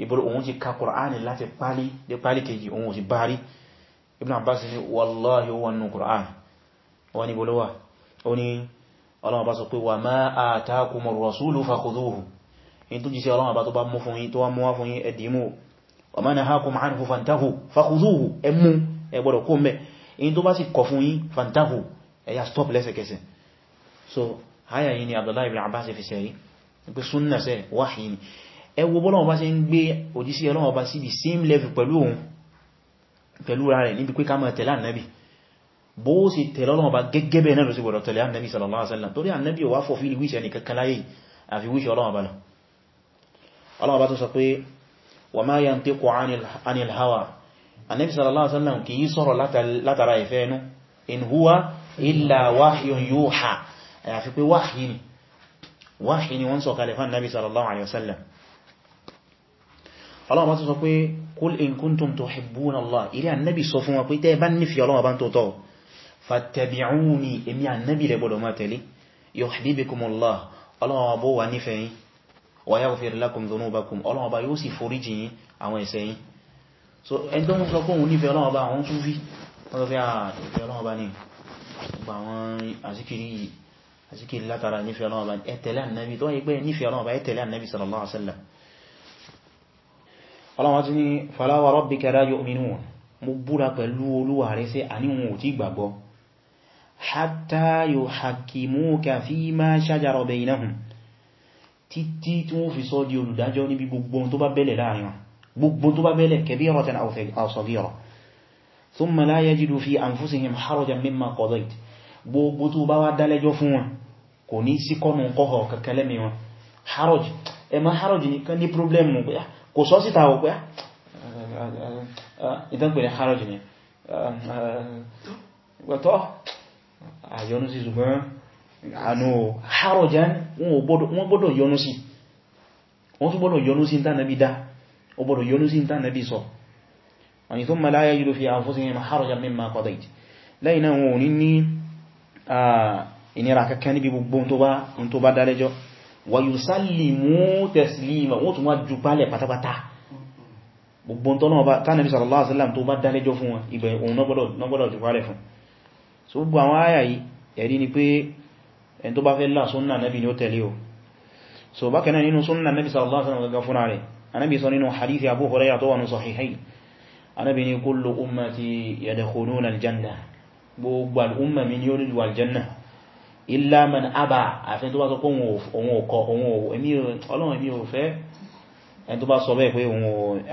ìbúrú òun ti ka kùránì láti pálí dé pálí kejì òun ti bá rí Ibn Abbas ni wallahi ó wọnú kùránì wọ́n ni bolówà ó ní Ọlọ́run bá sọ pé wa ma atakumu rasulu fakhudhuhu in tó jíṣẹ́ Ọlọ́run bá tó bá mú fún yín tó wá mú wá fún yín ẹ̀dìmú wa ma so haya yìí ni Abdullahi ibn Abbas fi sẹ́yí pé súnnà sẹ́ ẹ wo bọ́lọ́wọ́ bá ṣe ń gbé òjísí ọlọ́wọ́ bá sí the same level pẹ̀lú òun pẹ̀lú ra rẹ̀ níbi pé ká máa tẹ̀lé ànábì bó sì tẹ̀lé ọlọ́wọ́ bá gẹ́gẹ́ bẹ́ẹ̀ náà ló sì gbọ́dọ̀ tẹ̀lé ànábì sallallahu alaihi wasallam torí ànábì wà fọ́ fílì wíṣẹ́ nìkan kan láyé àfi wíṣẹ́ ọlọ́wọ́ bá lọ ọlọ́wọ́ bá tó sọ pé wa ma yantiqu anil hawa ànábì sallallahu alaihi wasallam ọlọ́run bá tún sọ pé kul in kuntum tuhibbuna Allah ilé annabi sọ fún wa pé tẹ́ bá nífẹ̀ẹ́ ọlọ́run bá ń tọ́tọ́ fattabi'uni èmi annabi lẹ gbọdọ̀ máa tẹ̀lé yuhbibkumullah ọlọ́run bó wà nífẹ̀ẹ́ so ẹni tó ń sọ pé òun nífẹ̀ẹ́ ọlọ́run bá àwọn tún fi wọ́n sọ pé àìfẹ́ ah, ọlọ́run bá ní gbà àwọn àsìkiri àsìkiri látara nífẹ̀ẹ́ ọlọ́run bá ẹ̀tẹ̀lẹ́ ànábì tó wáyé pé nífẹ̀ẹ́ ọlọ́run ẹ̀tẹ̀lẹ́ ànábì sallallahu ọlọ́wọ́n ti ní fala wa rabbika la yu'minun mo búra pẹ̀lú olúwa rẹ̀ sí àníwọn ò tí gbàgbọ́ hatta yuhakkimuka fima shajara baynahum títí tí wọ́n fi sọ di olùdájọ́ níbi gbogbo tó bá bẹ́lẹ̀ láàrin wọn gbogbo tó bá bẹ́lẹ̀ kabiratan aw saghira thumma la yajidu problem kò sọ síta wọ́n pé ìdánpẹ̀ ní harajì ni gbẹ̀tọ́ àyọnú sí ṣùgbọ́n àánú harajan wọ́n gbọ́dọ̀ yọnú sí wọ́n tún gbọ́dọ̀ yọnú sí ìtànàbí dá ó gbọ́dọ̀ yọnú sí ìtànàbí sọ àni thumma la yajidu fi anfusihim harajan mimma qadayt lẹ́yìn náà wọn ò ní ní ah, ìnira kankan níbi gbogbo tó bá dálẹ́jọ́ wa yusallimu taslima wọ́n tún wá jù pálẹ̀ pátápátá gbogbo tọ́nà bá tánàbí sallallahu alaihi wasallam tó bá dálẹ́jọ́ fún wọn ibẹ̀ òun nọ́gbọ́dọ̀ jù pálẹ̀ fún so gbogbo àwọn àyà yìí ẹ̀rí ni pé ẹni tó bá fẹ́ lá súnnà nabi ni ó tẹ̀lé o so bákan náà nínú súnnà nabi sallallahu alaihi wasallam gangan fúnra rẹ̀ anábi sọ nínú kullu ummati yadkhuluna aljanna gbogbo al'umma mi ni ó aljanna illa man aba àfẹ́ tó bá sọ pé òun òkọ òun ọlọ́run èmi ò fẹ́ ẹni tó bá sọ bẹ́ẹ̀ pé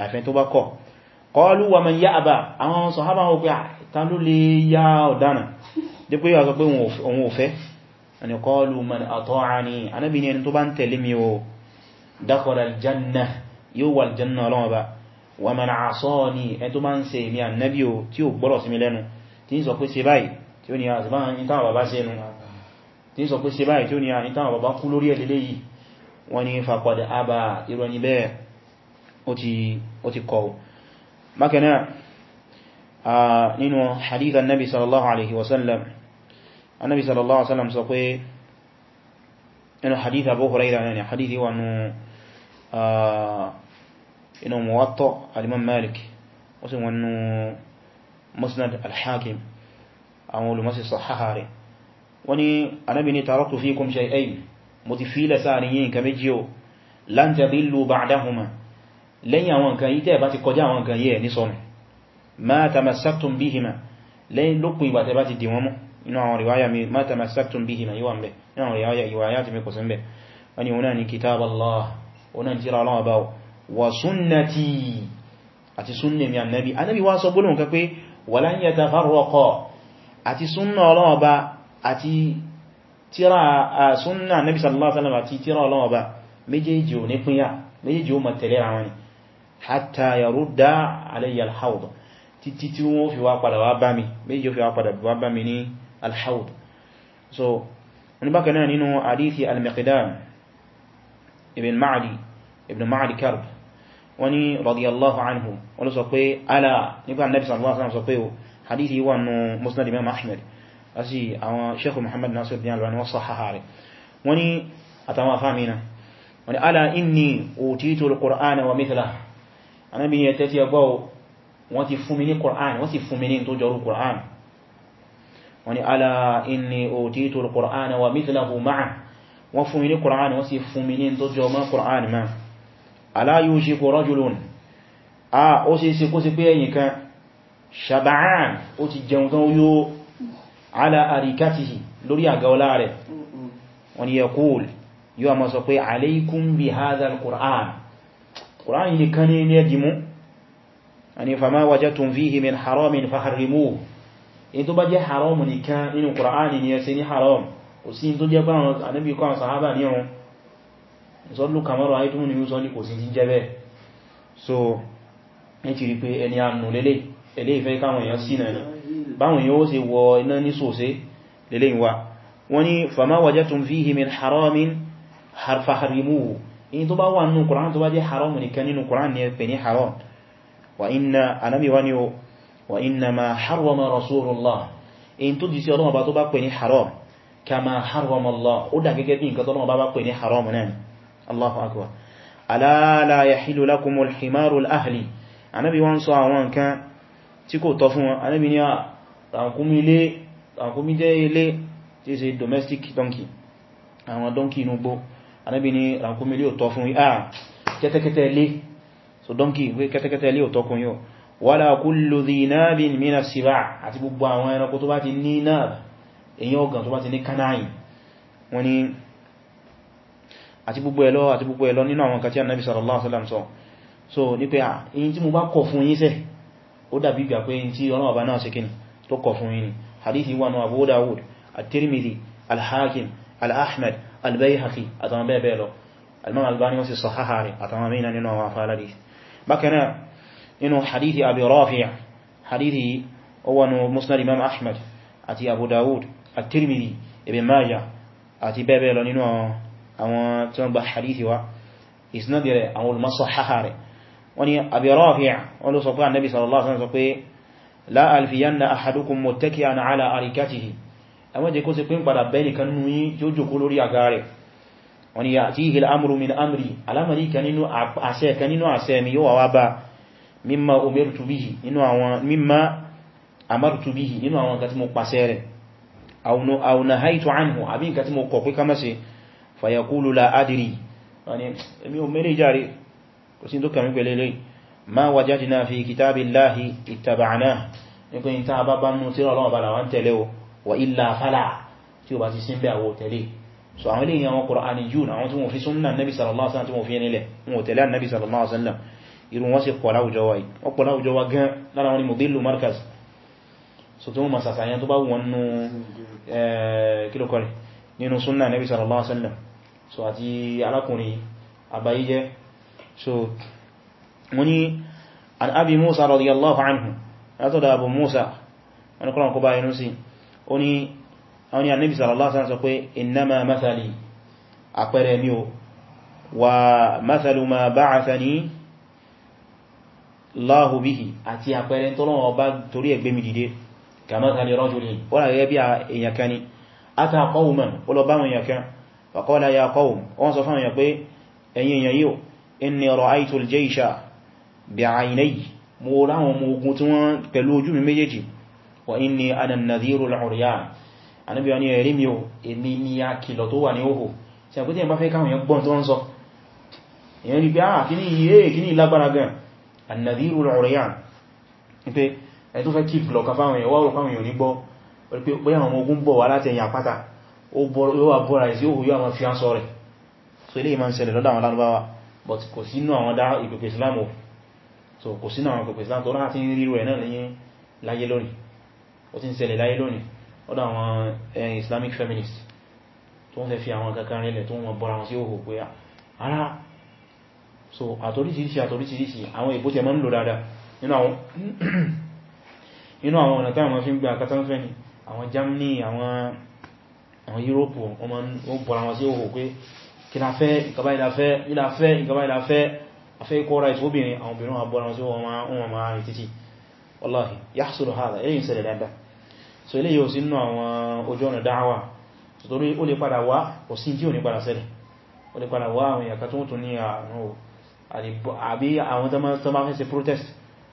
àfẹ́ tó bá kọ̀ qalu wa man ya aba àwọn sàhábà wọn pé ah, ta ló lè ya ọ̀dánà dé pé yà sọ pé òun ò fẹ́ ẹni qalu man ata'ani anábì ni ẹni tó bá ń tẹ̀lé mi o dakhala aljanna yóò wà aljanna tí ń sọ pé ṣe báyìí tí ó ní àní táwọn bàbá kú lórí ẹ̀lẹ́lẹ́ yìí wọ́n ní fàkọ̀dẹ̀ àbà irọ́ ni bẹ́ẹ̀ ó ti kọ̀ bákanáà nínú hadith annabi sallallahu alaihi wasallam annabi sallallahu alaihi wasallam sọ pé inú hadith abu huraira ne hadith wa nu inú muwatta al-imam wọ́n ni anábi ni taraktu fikum shay'ayn mo ti fi ilẹ̀ sáàrin yìí nǹkan méjì o lan tadillu ba'dahuma lẹ́yìn àwọn nǹkan yìí tẹ́ bá ti kọjá àwọn nǹkan yìí ẹ̀ ní sọnù ma tamassaktum bihima lẹ́yìn lópin ìgbà tẹ́ bá ti dì wọ́n mú inú àwọn riwaya mi ma tamassaktum bihima yíwa mbẹ̀ inú àwọn riwaya ìwàyà ti mẹ́kọ̀sí mbẹ̀ wọ́n ni wọ́n ni kitab Allah wọ́n jira Allah bá wa sunnati àti sunne mi annabi annabi wa sọ gbólóhùn kan pé walan yatafarraqa àti sunna Allah bá àti tíra súnnà nabi sallallahu alaihi wasallam àti tíra Ọlọ́run Ọba méjèèjì ò ní pínyà méjèèjì ó máa tẹ̀lé ara wọn ni hatta yarudda alayya alhaud títí tí wọ́n fi wá padà wá bá mi méjèèjì ó fi wá padà wá bá mi ní alhaud so wani baka náà nínú hadithi al ibn Ma'di ibn Ma'di Karb wani radiyallahu anhu wani sọ pé ala nípa nabi sallallahu alaihi wasallam sọ pé hadithi wa musnad imam Ahmad àti àwọn Sheikhu Muhammad Nasiruddin Albani wọ́n sahaha rẹ̀ wọ́n ní àtàwọn afámina wọ́n ní ala inni utitu al-Qur'ana wa mithlahu anábi yẹ tẹ́tí ẹgbọ́ wọ́n ti fún mi ní Qur'an wọ́n ti fún mi ní tó jọrú Qur'an wọ́n ní ala inni utitu al-Qur'ana wa mithlahu ma'a wọ́n fún mi ní Qur'an wọ́n sì fún mi ní tó jọ mọ́ Qur'an ma ala yushiku rajulun a ó sì sí kó sí pé ẹnìkan shaba'an ó ti jẹun tán yóò ala arikatihi lórí àgáọlá rẹ̀ wọ́n ni yaqul yóò ma sọ pé alaykum bi hadha al-qur'an qur'an yìí kan ní ilé jimu ani fama wajatum fihi min haramin faharrimuhu in tó bá jẹ́ haram nìkan nínú qur'an ni ẹsẹ ní haram kò sí tó jẹ́ pàwọn anábì kọ́ sàhábà ní ọun ìsọ́lù kàmọ́rọ̀ báwọn yóò ṣe wọ iná ní sòsé lélé ìwà wọ́n ni fama wajatum fihi min haramin faharimuhu in tó bá wà nínú Qur'an tó bá jẹ́ haram nìkan nínú Qur'an ni ẹ̀pẹ̀ ní haram wa inna anábíwá ni o wa inna ma harrama rasulullah in tó jí sí ọlọ́wọ́ bá tó bá pẹ̀ ní haram kama harrama Allah ó dà gẹ́gẹ́ bí nǹkan tọ́lọ́wọ́ bá bá ní haram náà Allahu akbar ala la yahilu lakumul himarul ahli anábí wọ́n sọ àwọn nǹkan tí kò tọ́ fún wọn anábí ni a ah, ràkúnmí jẹ́ ilé tí ṣe domestic donkey àwọn donkey inú gbó anábi ni ràkúnmí ilé ò fún ah kẹ́tẹ́kẹ́tẹ́ ilé so donkey wé kẹ́tẹ́kẹ́tẹ́ ilé ò tọ́ kún yóò wala kullu dhi nabin mina siba' àti gbogbo àwọn ẹranko tó bá ti ní náà èyàn ọgàn tó bá ti ní kanáyìn so ní pé à ah, èyí tí mo bá kọ̀ fún yín ṣe ó dàbí ìgbà tó kọ̀ fún yìí hadithi wa náà Abu Dawud at-Tirmidhi al-Hakim al-Ahmad al-Bayhaqi àtàwọn bẹ́ẹ̀ bẹ́ẹ̀ lọ al-Imam al-Albani wọ́n sì sahaha rẹ̀ àtàwọn mẹ́rin nínú àwọn afẹ́ aládìí bákan náà inú hadithi Abi Rafi' hadithi owanu Musnad Imam Ahmad àti Abu Dawud at-Tirmidhi Ibn Majah àti bẹ́ẹ̀ bẹ́ẹ̀ lọ nínú àwọn tí wọ́n gba hadithi wa isnad àwọn olùmọ́sọ̀ haha rẹ̀ wọ́n ni Abi Rafi' wọ́n ló sọ pé la alfiyanna ahadukum muttaki'an ala arikatihi amma je kó ṣe pín padà bẹ́ẹ̀ nìkan nú yí tí ó jòkó lórí àgá rẹ̀ wọ́n ni ya'tihi al-amru min amri alamari kan nínú àṣẹ kan nínú àṣẹ mi yóò wá bá mimma umirtu bihi nínú àwọn mimma amartu bihi nínú àwọn nǹkan tí mo pàṣẹ rẹ̀ aw nahaytu anhu àbí nǹkan tí mo kọ̀ pé ká má ṣe la adri wọ́n ni èmi ò mẹ́rẹ̀ járe kò sí tó kàmí pẹ̀lẹ́lẹ́yìí ma wajadna fi kitabillahi ittaba'nahu nígbé ní tàbá bá nú tí ọlọ́wọ́ bá làwọn tẹ̀lé o wa illa fala tí ó bá ti sínbẹ̀ àwọ̀ tẹ̀lé so àwọn ilé ìyàwọn Qur'ani jù náà tí wọ́n fi súnnà nabi sallallahu alaihi wasallam tí wọ́n fi nílẹ̀ wọ́n tẹ̀lé nabi sallallahu alaihi wasallam irun wọ́n sì pọ̀lá òjò wa ó pọ̀lá òjò wa gan lára wọn ni mudillu markaz so tó mọ̀ sàṣàyàn tó bá wọn nú eh, kílòkọrì nínú súnnà nabi sallallahu alaihi wasallam so àti alákùnrin àbáyíjẹ́ so wọ́n ni an abi musa radiyallahu anhu látọ̀ da abu musa wani kọ́nà kó bá inú sí wani annabi sallallahu alaihi wasallam sọ pé innama mathali àpẹẹrẹ mi o wa mathalu ma ba'athani Allahu bihi àti àpẹẹrẹ tọ́lọ́wọ́ ọba torí ẹgbẹ́ mi dìde ka mathali rajulin wọ́n rẹ̀ bí èyàn kan ni ata qawman ó lọ bá wọn èyàn bí àìnáyì mo ráwọn ọmọ ogun tí wọ́n pẹ̀lú ojú mi méjèèjì wa inni ana nadhiru al-uryan anábíwa ní ẹ̀rí mi ò èmi ni a kìlọ̀ tó wà ní òhò tí a kúté bá fẹ́ káwọn yẹn gbọ́n tó ń sọ èyàn rí pé ah kí ní iye eh, kí ní lágbára gan an-nadhiru al-uryan pé ẹ tó fẹ́ kí lọ ka fáwọn yẹn wá rò fáwọn yẹn ní gbọ́ pé àwọn ọmọ ogun bọ̀ wá láti ẹ̀yìn àpáta ó bọ́ra ìsí òhò yóò àwọn fi án sọ rẹ̀ so ilé ìmọ̀ ń ṣẹlẹ̀ lọ́dọ̀ àwọn lárúbáwá but kò sínú àwọn dá ìpèpè islamu so kò sínú àwọn kòkò islam tó rán àti ríro ẹ̀ náà lẹ́yìn láyé lónìí ó ti ń ṣẹlẹ̀ láyé lónìí ọ̀dọ̀ àwọn islamic feminist tó ń fẹ́ fi àwọn kankan rẹ̀lẹ̀ tó wọ́n bọ́ra wọn sí òhò pé ah, ara so àtoríṣìíríṣìí àtoríṣìíríṣìí àwọn ìbó tẹ mọ́ ń lò dáadáa nínú àwọn ọ̀nà táwọn fi ń gba akátánfẹ́ ni àwọn Germany àwọn Europe wọ́n bọ́ra wọn sí òhò pé kí la fẹ́ ìkàbá ìlàfẹ́ afẹ́ kó right obìnrin àwọn obìnrin àbọ́ra tí wọ́n máa rìn títí wallahi yahsulu hadha eléyìn ṣẹlẹ̀ dáadáa so eléyìí ò sí nínú àwọn ojú ọ̀nà dáwà torí ó lè padà wá kò sí tí ò ní padà ṣẹlẹ̀ ó lè padà wá àwọn ìyàkà tó ń tún ní àbí àwọn tó máa fẹ́ ṣe protest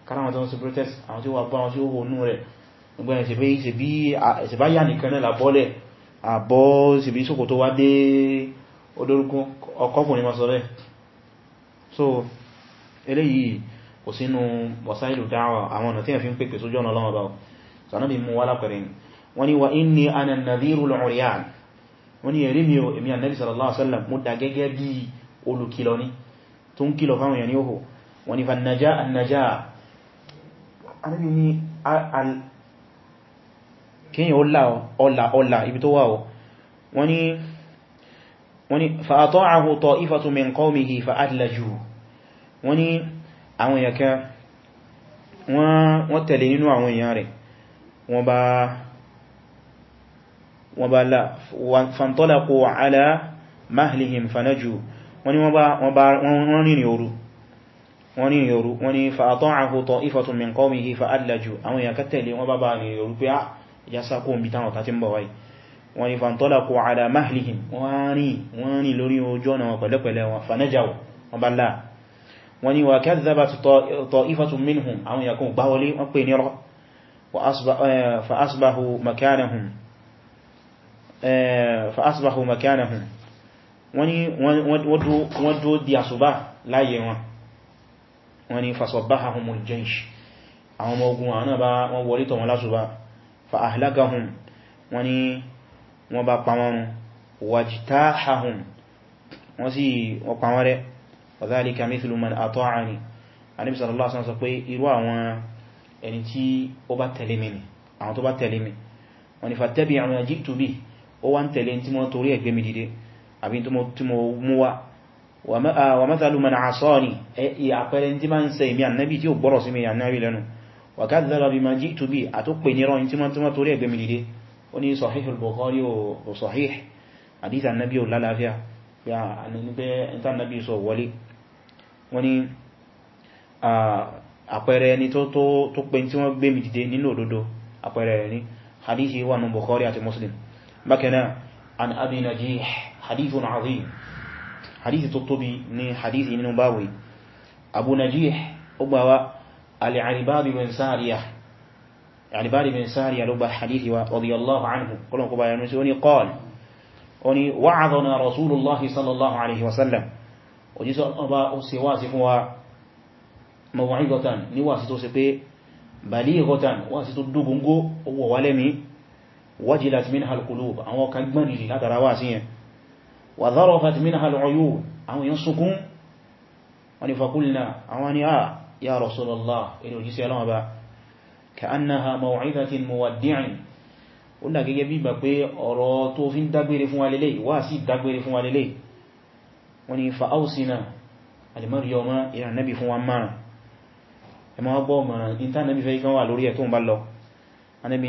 kára àwọn so eléyìí kò sínú wasailu da'wa àwọn ọ̀nà tí a fi ń pèpè sójú ọ̀nà Ọlọ́run bá sànábì mú alápẹ̀rẹ̀ wọ́n ni wa inni ana nadhirul uryan wọ́n ni èrí mi o èmi ànẹ́bì sallallahu alaihi wasallam mú da gẹ́gẹ́ bí olùkìlọ̀ ní tó ń kìlọ̀ fáwọn èèyàn ní òhò wọ́n ni fa najá annajá anábi ni kíyàn ọlá ọlá ibi tó wà wọ́n ni wọ́n ni fa'ata'ahu ta'ifatu min qawmihi fa'adlaju wọ́n ni àwọn èèyàn kan wọ́n tẹ̀lé nínú àwọn èèyàn rẹ̀ wọ́n bá lá fantalaqu ala mahlihim fanaju wọ́n ni wọ́n rìnrìn òru wọ́n ní yoru wọ́n ní fa'ata'ahu ta'ifatu min qawmihi fa'adlaju àwọn èèyàn kan tẹ̀lé wọ́n bá bá ní yoru pé ah ìjásá kó ń bí táwọn tàti ń bọ̀ wáyìí wọ́n ni fàntọ́lákò ala mahlihim wọ́n ni lórí ojú ọ̀nà wọn pẹ̀lẹ́pẹ̀lẹ́ wọn fanajaw wọn bá láà wọ́n ni wà kẹ́zàbà ta'ifatun minhum àwọn yakun gbáwọlé wọ́n pè nírọ́ eh, fa'asbahu eh, makanahum wọ́n ni wọ́n dó wọ́n bá pa wọn wajtahahum wọ́n sì wọ́n pa wọn rẹ́ wa dhalika mithlu man ata'ani Ànábì sallallahu alaihi wasallam sọ pé irú àwọn ẹni tí ó bá tẹ̀lé mi ni àwọn tó bá tẹ̀lé mi wọ́n ni fattabi'u ma ji'tu bihi ó wá ń tẹ̀lé tí mo torí ẹ̀gbẹ́ mi dìde àbí tí mo mú wá wa mathalu man 'asani àpẹẹrẹ tí ma ń ṣe èmi Ànábì tí ó gbọ́rọ̀ sí mi Ànábì lẹ́nu wa kadhdhaba bima ji'tu bihi àtó pè ní rọ́ ó ní sahih al-Bukhari o sahih hadith annabi o lálàáfíà ya annabi ta annabi so wọlé wọ́n ní àpẹẹrẹ ẹni tó pé tí wọ́n gbé mi dìde nínú òdodo àpẹẹrẹ rẹ̀ ní hadithi wà ní Bukhari àti Muslim bákanáà an Abi Najih hadithun azim يعني باري بن ساري لبا حديثي رضي الله عنه قلنا قبا ينسوني قال أني وعظنا رسول الله صلى الله عليه وسلم وجيسوا أبا أسواسي هو موعظة نواسي توسي بليغة واسي تدوغنغو وولمي وجلت منها القلوب أو كجمري لا درواسية وضرفت منها العيون أو ينسكم ونفقلنا أواني آه يا رسول الله إنه جيسي لهم أبا كأنها موعظة مودع ó dà gẹ́gẹ́ bí ìgbà pé ọ̀rọ̀ tó fi ń dágbére fún wa lélẹ̀ wá sí dágbére fún wa lélẹ̀ wọ́n ni fa'ausina alimarioma ìrìn nabi fún wa mara ẹ ma gbọ́ mara in ta nabi fẹ́ ikan wà lórí ẹ̀ tó ń bá lọ anabi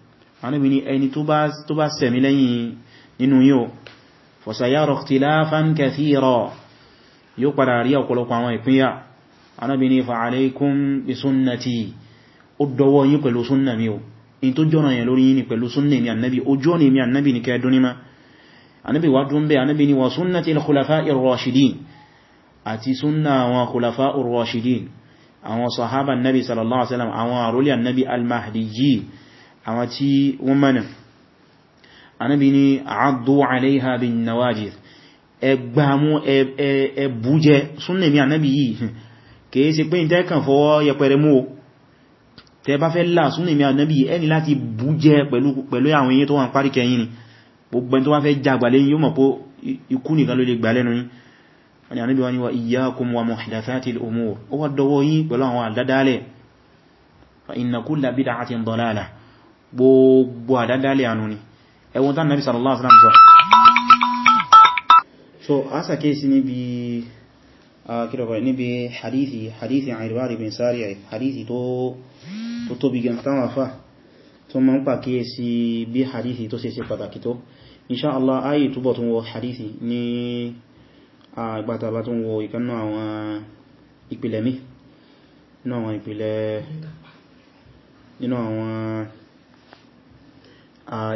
Ànábì ní ẹni tó bá sẹ̀mí lẹ́yìn nínú yóò fasayara ikhtilafan kathira yóò padà rí ọ̀pọ̀lọpọ̀ àwọn ìpínyà Ànábì ní fa alaykum bi sunnati ó dọwọ́ yín pẹ̀lú súnnà mi o in tó jọ́nà yẹn lórí yín ni pẹ̀lú súnnà mi annabi ojú ọ̀nà mi annabi ni kẹ́ dún ní ma annabi wá dún bẹ́ annabi ni wa súnnà ti khulafa ir-rashidin àwọn tí wọ́n mẹ́nà anábi ni àádọ́ aléha bin nawajid ẹgbàmú ẹbújẹ súnnẹ̀mí anábi yìí kìí ṣe pé ìtẹ́kàn fọwọ́ yẹpẹrẹ mú o tẹ bá fẹ́ láà súnnẹ̀mí anábi yìí ẹni láti bújẹ pẹ̀lú àwọn eyín tó wà ń parí kẹyìn ni gbogbo ẹni tó wá fẹ́ jàgbà lẹ́yìn yóò mọ̀ pé ikú nìkan ló lè gbà gbogbo àdádálẹ̀ ànú ni ẹwọ́n tán nàbí sallallahu alaihi wasallam so a sàké sí níbi kírọ̀bọ̀ níbi hadithi hadithi Irbar bin Sariya hadithi tó tóbi gan táwọn afá tó ma ń pàkíyè sí bí hadithi tó ṣe ṣe pàtàkì tó insha Allah ayi túbọ̀ tún wọ hadithi ní àgbàtàbà tún wọ ìkannu àwọn ìpìlẹ̀ mi nínú àwọn ìpìlẹ̀ nínú àwọn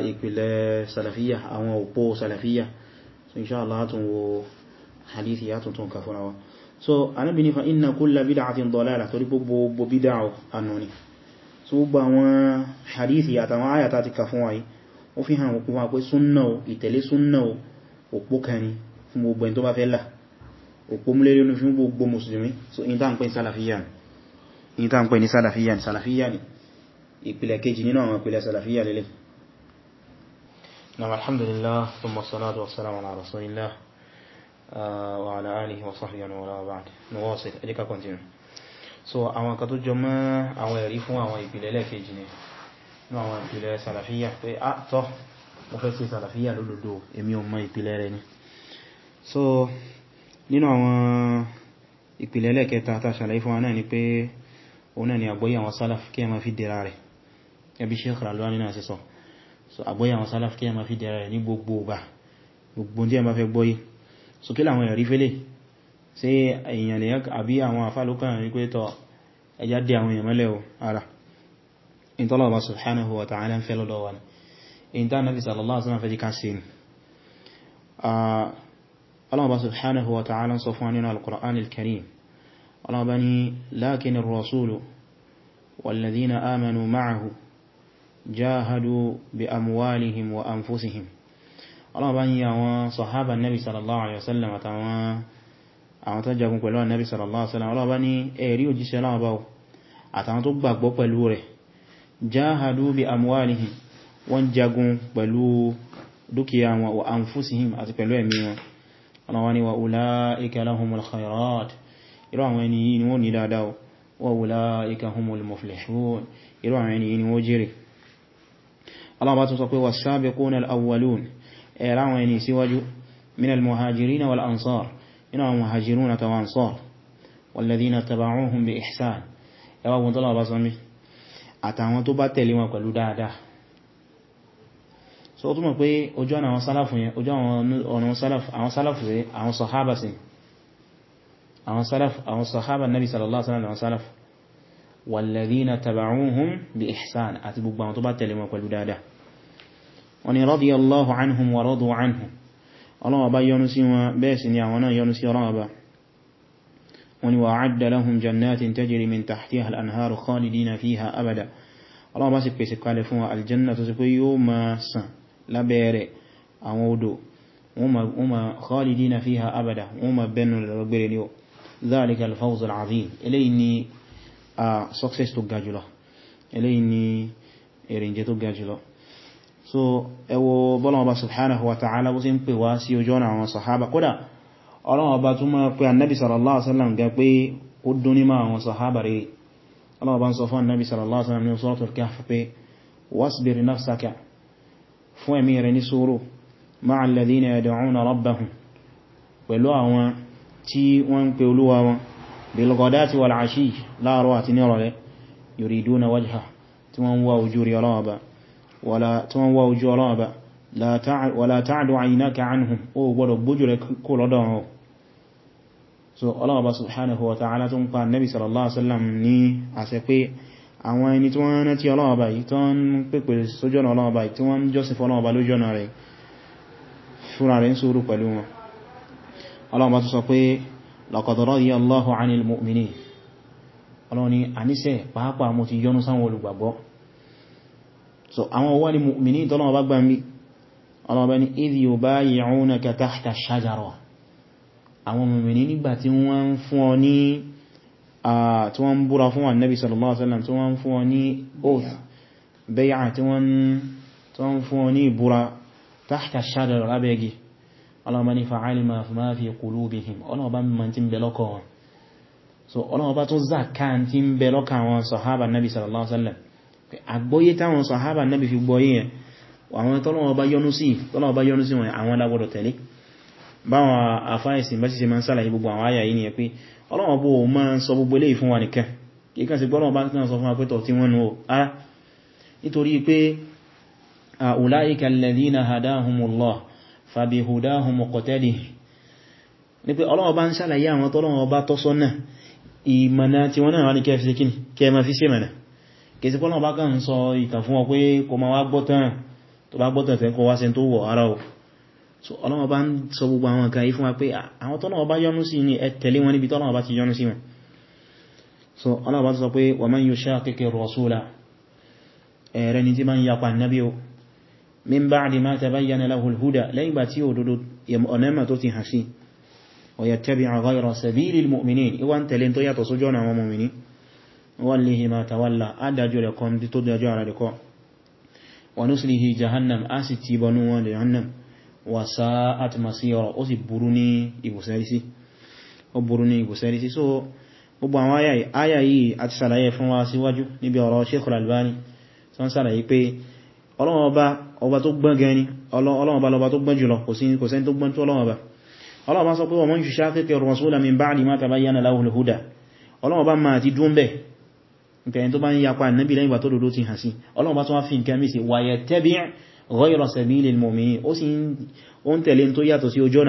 ìpìlẹ̀ salafiyya àwọn òpó salafiyya so inṣáàlá tún wo hadithi ya tuntun ka fúnra wa so anábi nífa inna kulla bid'atin dalalah torí gbogbo bídá annoni so gbogbo àwọn hadithi àtàwọn ayata ti ka fún wa yìí ó fi hàn òkú wa pé súnnà ìtẹ̀lé súnnà òpó kan ni fún gbogbo ẹni tó bá fẹ́ là òpó múlẹ̀ lónú fún gbogbo mùsùlùmí so in ta n pè ní salafiyya ni in ta n pè ní salafiyya ni salafiyya ni ìpìlẹ̀ kejì nínú àwọn ìpìlẹ̀ salafiyya lélẹ̀ نعم الحمد لله ثم الصلاة والسلام على رسول الله وعلى آله وصحبه وعلى بعد نواصل أليك continue so àwọn kan tó jọmọ́ àwọn ẹ̀rí fún àwọn ìpìlẹ̀ lẹ́ẹ̀kejì ni ní àwọn ìpìlẹ̀ sàlàfíyà pé á tọ́ mo fẹ́ sí sàlàfíyà lódodo èmi ò mọ ìpìlẹ̀ rẹ̀ ni so nínú àwọn ìpìlẹ̀ lẹ́ẹ̀kẹta ta ṣàlàyé fún wa náà ni pé òun náà ni àgbọ́yé àwọn sálàf kí ẹ ma fi dèrà rẹ̀ ẹbí Sheikh Al-Albani náà sì sọ so so àgbọ́yé àwọn salaf kí ẹ ma fi dẹ̀rẹ̀ ní gbogbo ọgbà gbogbo tí ẹ ma fẹ́ gbọ́yé so kí láwọn ẹ̀rí fẹ́lẹ̀ sí èèyàn lè àbí àwọn àfálókàn rí pé tọ ẹjá dé àwọn èèyàn mẹ́lẹ̀ o ara in tọ́lọ̀ ọba subhanahu wa ta'ala ń fẹ́ lọ́dọ̀ wa ni in tá jahadu bi amwalihim wa anfusihim ọlọ́wọ́ bá ń yí àwọn sọ̀hábà nẹ́bí sallallahu alaihi wasallam àtàwọn àwọn tó jagun pẹ̀lú nẹ́bí sallallahu alaihi wasallam ọlọ́wọ́ bá ní ẹ̀rí òjíṣẹ́ láwọn báwọ̀ àtàwọn tó gbàgbọ́ pẹ̀lú rẹ̀ jahadu bi amwalihim wọ́n jagun pẹ̀lú dúkìá wọn wa anfusihim àti pẹ̀lú ẹ̀mí wọn ọlọ́wọ́ ni wa ulaika lahumul khairat irú àwọn ẹni yìí ni wọ́n ní dáadáa wa ulaika humul muflihun irú àwọn ẹni yìí ni wọ́n jèrè Allah bá tún sọ pé was-sabiquna al-awwalun ẹ̀rá àwọn ẹni síwájú min al-muhajirin wal ansar inú àwọn muhajirun àti àwọn ansar walladhina taba'uhum bi ihsan ẹwà wọn tọ́lá bá sọ mí àtàwọn tó bá tẹ̀lé wọn pẹ̀lú dáadáa so túnmọ̀ pé ojú ọ̀nà àwọn sálàfù yẹn ojú àwọn sálàfù sí àwọn sàhábà sí àwọn sàhábà nabi sallallahu alaihi wasallam والذين تبعوهم بإحسان أتي بقبان طبعا تلم وقالوا دادا وني رضي الله عنهم ورضوا عنهم الله أبا ينسي وباسن يعونا ينسي رابا وني وأعد لهم جنات تجري من تحتها الأنهار خالدين فيها أبدا الله أبا سيكي سيكالي فوا الجنة سيكي يوم سن لبيري أمودو وما خالدين فيها أبدا وما بنوا للغبير اليوم ذلك الفوز العظيم إليني success tó ga jùlọ eléyìí ni èrìnjẹ tó ga so ẹwọ bọ́lọ̀wọ́ bá subhanahu wa ta'ala bó sí ń pè wá sí ojú ọ̀nà àwọn sahaba kódà ọlọ́wọ́ bá tún máa pé annabi sallallahu alaihi wasallam ga pé ó dún ní máa àwọn sahaba rẹ̀ ọlọ́wọ́ bá ń sọ fún annabi sallallahu alaihi wasallam ní suratul kahf pé wasbir nafsaka fún bilgadati wal ashi láàrọ̀ àti ní ọ̀rọ̀lẹ́ yuriduna wajha tí wọ́n wá ojú rí Ọlọ́run ba wala ta'du aynaka anhum ó gbọ́dọ̀ gbójú rẹ̀ kó lọ́dọ̀ wọn so Ọlọ́run ba subhanahu wa ta'ala tún pa nabi sallallahu alaihi wasallam ní àṣẹ pé àwọn ẹni tí wọ́n rántí Ọlọ́run ba yìí tó ń pèpè sójọ́nà laqad radiyallahu 'anil mu'minin ọlọ́run ni àníṣẹ́ pàápàá mo ti yọ́nú sáwọn olùgbàgbọ́ so àwọn wà ní mu'minin tọ́lọ́wọ́ bá gbà mí ọlọ́bẹ̀ ni idh yubayi'unaka tahta ash-shajara àwọn mu'minin nígbà tí wọ́n fún ọ ní tí wọ́n búra fún annabi sallallahu alaihi wasallam tí wọ́n fún tahta ash-shajara ọlọ́ọ̀bá ní fa'alima ma fi qulubihim ọlọ́ọ̀bá mímọ̀ tí ń bẹ lọ́kọ̀ wọn so ọlọ́ọ̀bá tó zaka tí ń bẹ lọ́kà wọn sọ̀hábà nabi sallallahu alaihi wasallam àgbọ́yé táwọn sọ̀hábà nabi fi gbọ́yé yẹn àwọn tọ́lọ́ọ̀bá yọ́nú sí tọ́lọ́ọ̀bá yọ́nú sí wọn àwọn lágbọ́dọ̀ tẹ̀lé báwọn afáìsìn bá sì ṣe máa ń sàlàyé gbogbo àwọn àyà yìí ni pé ọlọ́wọ́ bó máa ń sọ gbogbo eléyìí fún wa nìkan kíkà sí gbọ́nà bá ń sọ fún apẹ́tọ̀ tí wọ́n nù ó ara nítorí pé ulaika alladhina hadahumullah fàbíhùdáhùn mọ̀kọ̀tẹ́lì ní pé ọlọ́wọ́ bá ń sàlàyé àwọn tọ́lọ́wọ́ bá tọ́ sọ́nà ìmọ̀nà tí wọ́n náà wá ní kẹfì síkín kẹma fi ṣe mẹ́nà kèsí pọ́lọ́wọ́ bá kàn sọ ìtàn fún ọ pé kò ma wá gbọ́tàn tó bá gbọ́tàn tẹ́ kọ wá sí tó wọ̀ ara o so ọlọ́wọ́ bá ń sọ gbogbo àwọn kan yìí fún wa pé àwọn tọ́lọ́wọ́ bá yọ́nú sí ni ẹ min ba'di ma tabayyana lahu al-huda lẹ́yìn gbà tí òdodo ọ̀nẹ́mà tó ti hàn sí wa yattabi'a ghayra sabilil mu'minin ìwà ń tẹ̀lé tó yàtọ̀ sójú ọ̀nà àwọn mu'mini wallihi ma tawalla adájọ́ rẹ̀ kọ́ tó dájọ́ ara rẹ̀ kọ́ wa nuslihi jahannam a sì ti bọnú wọn lè jahannam wa sa'at masira ó sì burú ọ̀rọ̀ Sheikh ọba tó gbọ́n gẹni ọlọ́run ọba lọba tó gbọ́n jùlọ kò sí kò sẹ́ni tó gbọ́n tó ọlọ́run ọba ọlọ́run ọba sọ pé wa man yushaqiqi ar-rasula min ba'di ma tabayyana lahu al-huda ọlọ́run ọba máa ti dún bẹ́ẹ̀ nkẹ̀yìn tó bá ń yapa nẹ́bí lẹ́yìn ìgbà tó dòdó ti hàn sí ọlọ́run bá tó wá fi nǹkan mí sí wa yattabi' ghayra sabilil mu'minin ó sì ń tẹ̀lé tó yàtọ̀ sí ojú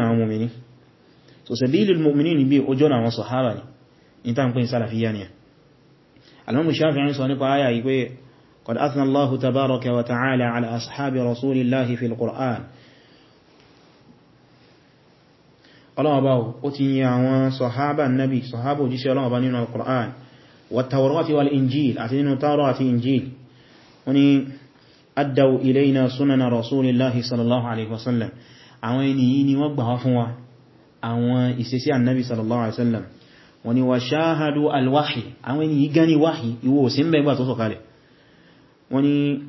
ọ̀nà قد أثنى الله تبارك وتعالى على أصحاب رسول الله في القرآن الله أباه أتنيا صحابة النبي صحابة جيش الله أبانينا القرآن والتوراة والإنجيل أتنين التوراة إنجيل وني أدوا إلينا سنن رسول الله صلى الله عليه وسلم àwọn ènìyàn ni wọ́n gbà fún wa àwọn ìṣesí annabi sallallahu alaihi wasallam wọ́n ni wa shahadu alwahi àwọn ènìyàn gani wahi ìwọ sí mẹ́gbà tó sọ̀kalẹ̀ wọ́n ni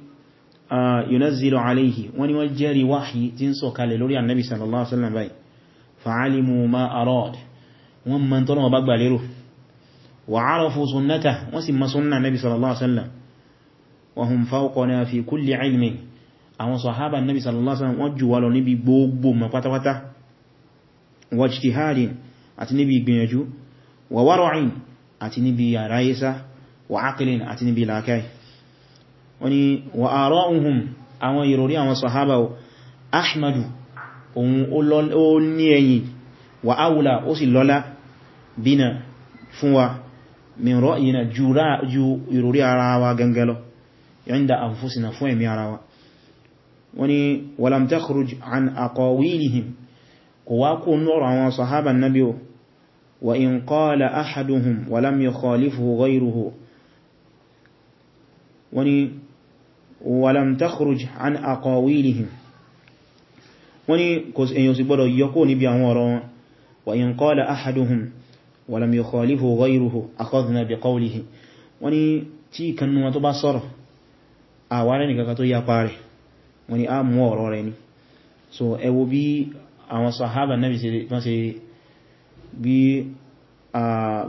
ah, yunazzilu alayhi wọ́n ni wọ́n jẹ́rì wáhí tí ń sọ kalẹ̀ lórí annabi sallallahu alaihi wasallam báyìí fa'alimu ma arad wọ́n mọ̀ tọ́nà ọba gbà lérò wa arafu sunnata wọ́n sì mọ̀ sunna annabi sallallahu alaihi wasallam wa hum fi kulli ilmin àwọn sahaba annabi sallallahu alaihi wọ́n jù wá lọ níbi gbogbo mọ̀ wa wara'in àti níbi àráyésá wa wọ́n ni wa ara'uhum àwọn ìròrí àwọn sahaba ahmadu ohun ó ní ẹ̀yìn wa awla ó sì lọ́lá bina fún wa min ra'yina ju ìròrí ara wa gangalo yanda anfusina fún ẹ̀mí ara wa wọ́n ni walam an aqawilihim kò wá kó nọ́rọ̀ àwọn sahaba nabi o wa in qala ahaduhum walam yukhalifuhu ghayruhu wani walam takhruj an aqawilihim wọ́n ni kò èyàn sì gbọ́dọ̀ yọkó níbi àwọn ọ̀rọ̀ wọn wa in qala ahaduhum walam yukhalifu ghayruhu akhadhna bi qawlihi wọ́n ni tí ìkannu wọn tó bá sọ̀rọ̀ àwárẹ́ nìkankan tó yapa rẹ̀ wọ́n ni a mú ọ̀rọ̀ rẹ̀ ni so ẹ wo bí àwọn sahaba nabi ṣe bí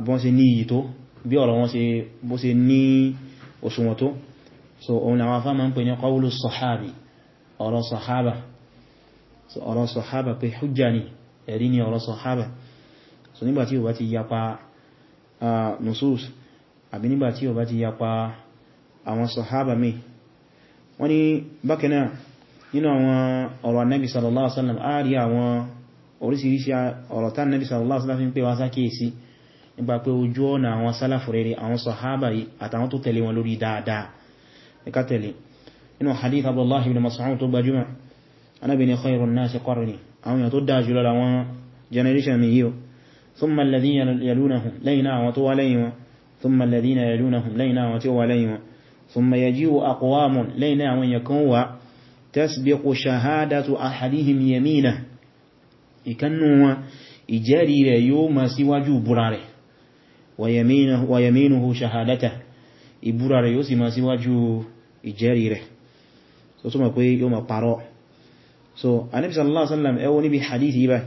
wọ́n ṣe ní iyì tó bí ọ̀rọ̀ wọn ṣe ní òṣùwọ̀n tó so òun àwọn afá ma ń pè ní qawlu sahabi ọ̀rọ̀ sahaba so ọ̀rọ̀ sahaba pé hujja ni ẹ̀rí ni ọ̀rọ̀ sahaba so nígbàtí ó bá ti yapa nusus àbí nígbàtí ó bá ti yapa àwọn sahaba mi wọ́n ni bákanáà nínú àwọn ọ̀rọ̀ annabi sallallahu alaihi wasallam a rí àwọn orísìírísìí ọ̀rọ̀ tán annabi sallallahu alaihi wasallam fi ń pè ẹka tẹ̀lé inú hadith abdullahi ibn mas'ud tó gbajúmọ̀ anábi ni khairun nasi qarni àwọn èèyàn tó dáa jùlọ àwọn generation mi yíò thumma alladhina yalunahum lẹ́yìn àwọn tó wà lẹ́yìn wọn thumma alladhina yalunahum lẹ́yìn àwọn tó wà lẹ́yìn wọn thumma yaji'u aqwamun lẹ́yìn àwọn èèyàn kan wà tasbiqu shahadatu ahadihim yamina ìkannu wọn ìjẹ́rí rẹ̀ yóò ma síwájú ìbúra rẹ̀ wa yaminuhu shahadata ìbúra rẹ̀ yóò sì ma síwájú ìjẹ́rí rẹ̀ so túnmọ̀ pé yóò ma parọ́ so Ànábì sallallahu alaihi wasallam ẹwọ níbi hadithi ibá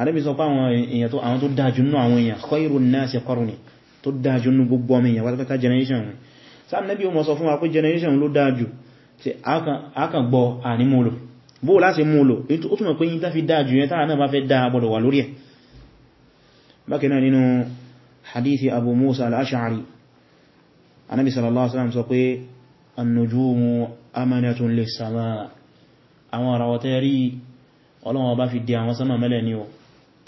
Ànábì sọ pé àwọn èèyàn tó àwọn tó dájú nínú àwọn èèyàn khairun nasi qarni tó dájú nínú gbogbo ọmọ èèyàn pátápátá generation rẹ̀ so Ànábì mọ̀ sọ fún wa pé generation ló dájú tí a kàn gbọ́ àní múlò bó láti múlò ó túnmọ̀ pé yí tá fi dájú bákanáà nínú hadithi Abu Musa al-Ash'ari Ànábì sallallahu alaihi sọ pé annujumu amanatun lissamaa àwọn àràwọ̀ tẹ́ rí ọlọ́wọ́ bá fi dè àwọn sánmà mẹ́lẹ̀ ni o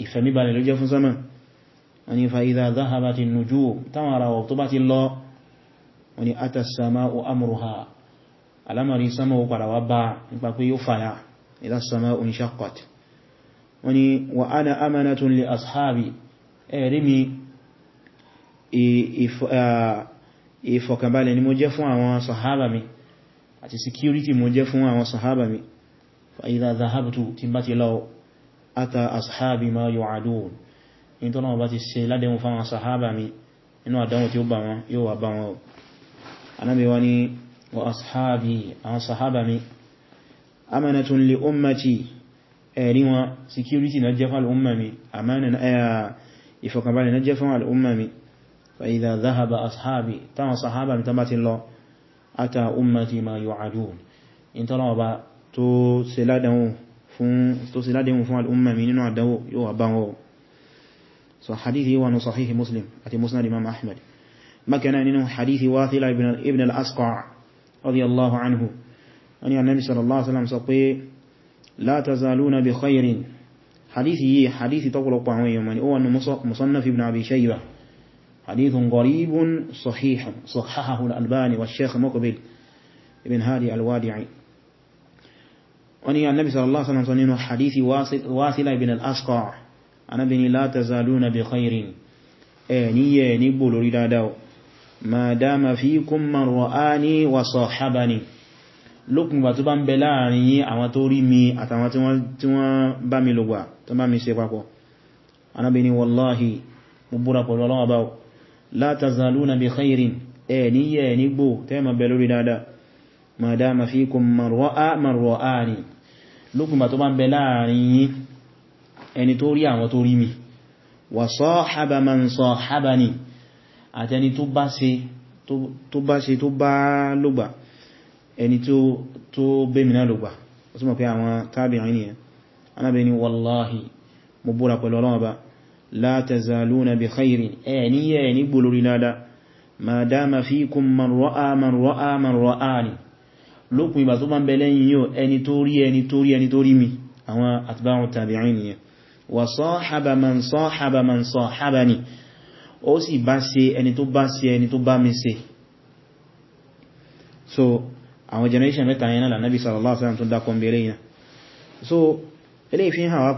ìfẹ̀míbalẹ̀ ló jẹ́ fún sánmà wọ́n ni fa idha dhahabati nujum táwọn àràwọ̀ tó bá ti lọ wọ́n ni ata as-samaa'u amruha alamari sánmà ó padà wá bá nípa pé yóò fàyà idha as-samaa'u inshaqqat wa ana amanatun li ashabi ẹ̀rí mi ìfọ̀kànbalẹ̀ ni mo jẹ́ fún àwọn sàhábà mi àti security mo jẹ́ fún àwọn sàhábà mi fa idha dhahabtu tí bá ti lọ ata ashabi ma yu'adun in tó náà bá ti ṣe ládẹ̀mù fún àwọn mi inú àdánwò tí ó bá wọn yóò wà bá wọn anábi فإذا ذهب أصحابي تاwọn صحابة mi tán bá ti lọ ata ummati ma yu'adun in tọ́lọ́wọ́ bá tó ṣe ládẹ̀wò fún al'umma mi nínú àdánwò yóò wà bá wọn so hadithi wà ní sahihi muslim àti musnad imam ahmad makana nínú hadithi wathila ibn al-asqa radiyallahu anhu wani annabi sallallahu alaihi wasallam sọ pé la tazaluna bi khairin hadithi yi hadithi tọ́pọ̀lọpọ̀ àwọn èèyàn mani ó wà ní musannaf ibn abi shayba حديث غريب صحيح صححه الألباني والشيخ مقبل ابن هادي الوادعي وني النبي صلى الله عليه وسلم حديث واثلة بن الأسقع أنا بني لا تزالون بخير أني نبل لردادو ما دام فيكم من رآني وصاحبني lókùn bá tó bá ń bẹ láàrin yí àwọn tó rí mi àtàwọn tí wọ́n bá mi lògbà tó bá mi ṣe papọ̀ anábìnrin wallahi mo búra pẹ̀lú báwọ̀ la tazaluna bi khairin ẹni yẹ ní gbò tẹ́mà bẹ lórí dáadáa ma dáma fikum marwa'a marwa'ani lókùnbà tó bá ń bẹ láàrin yín ẹni tó rí àwọn tó rí mi wa sahaba man sahabani àtẹni tó bá ṣe tó bá ṣe tó bá lògbà ẹni tó bẹ́mìnà lògbà ó túnmọ̀ pé àwọn tábìrin ni ẹ anábẹni wallahi mo búra pẹ̀lú ọlọ́wọ́ la tazaluna bi khairin ẹni yẹ ni gbolori lada ma dáma fikum man ra'a man ra'a man ra'a ni lókùn ìgbà tó bá ń bẹ lẹ́yìn yóò ẹni tó rí ẹni tó rí ẹni tó rí mi àwọn atba'u tabi'in ni so àwọn generation mẹ́ta yẹn náà nabi sallallahu alaihi wasallam tó dákọ̀ ń bẹ̀rẹ̀ yẹn so ilé ìfihàn wá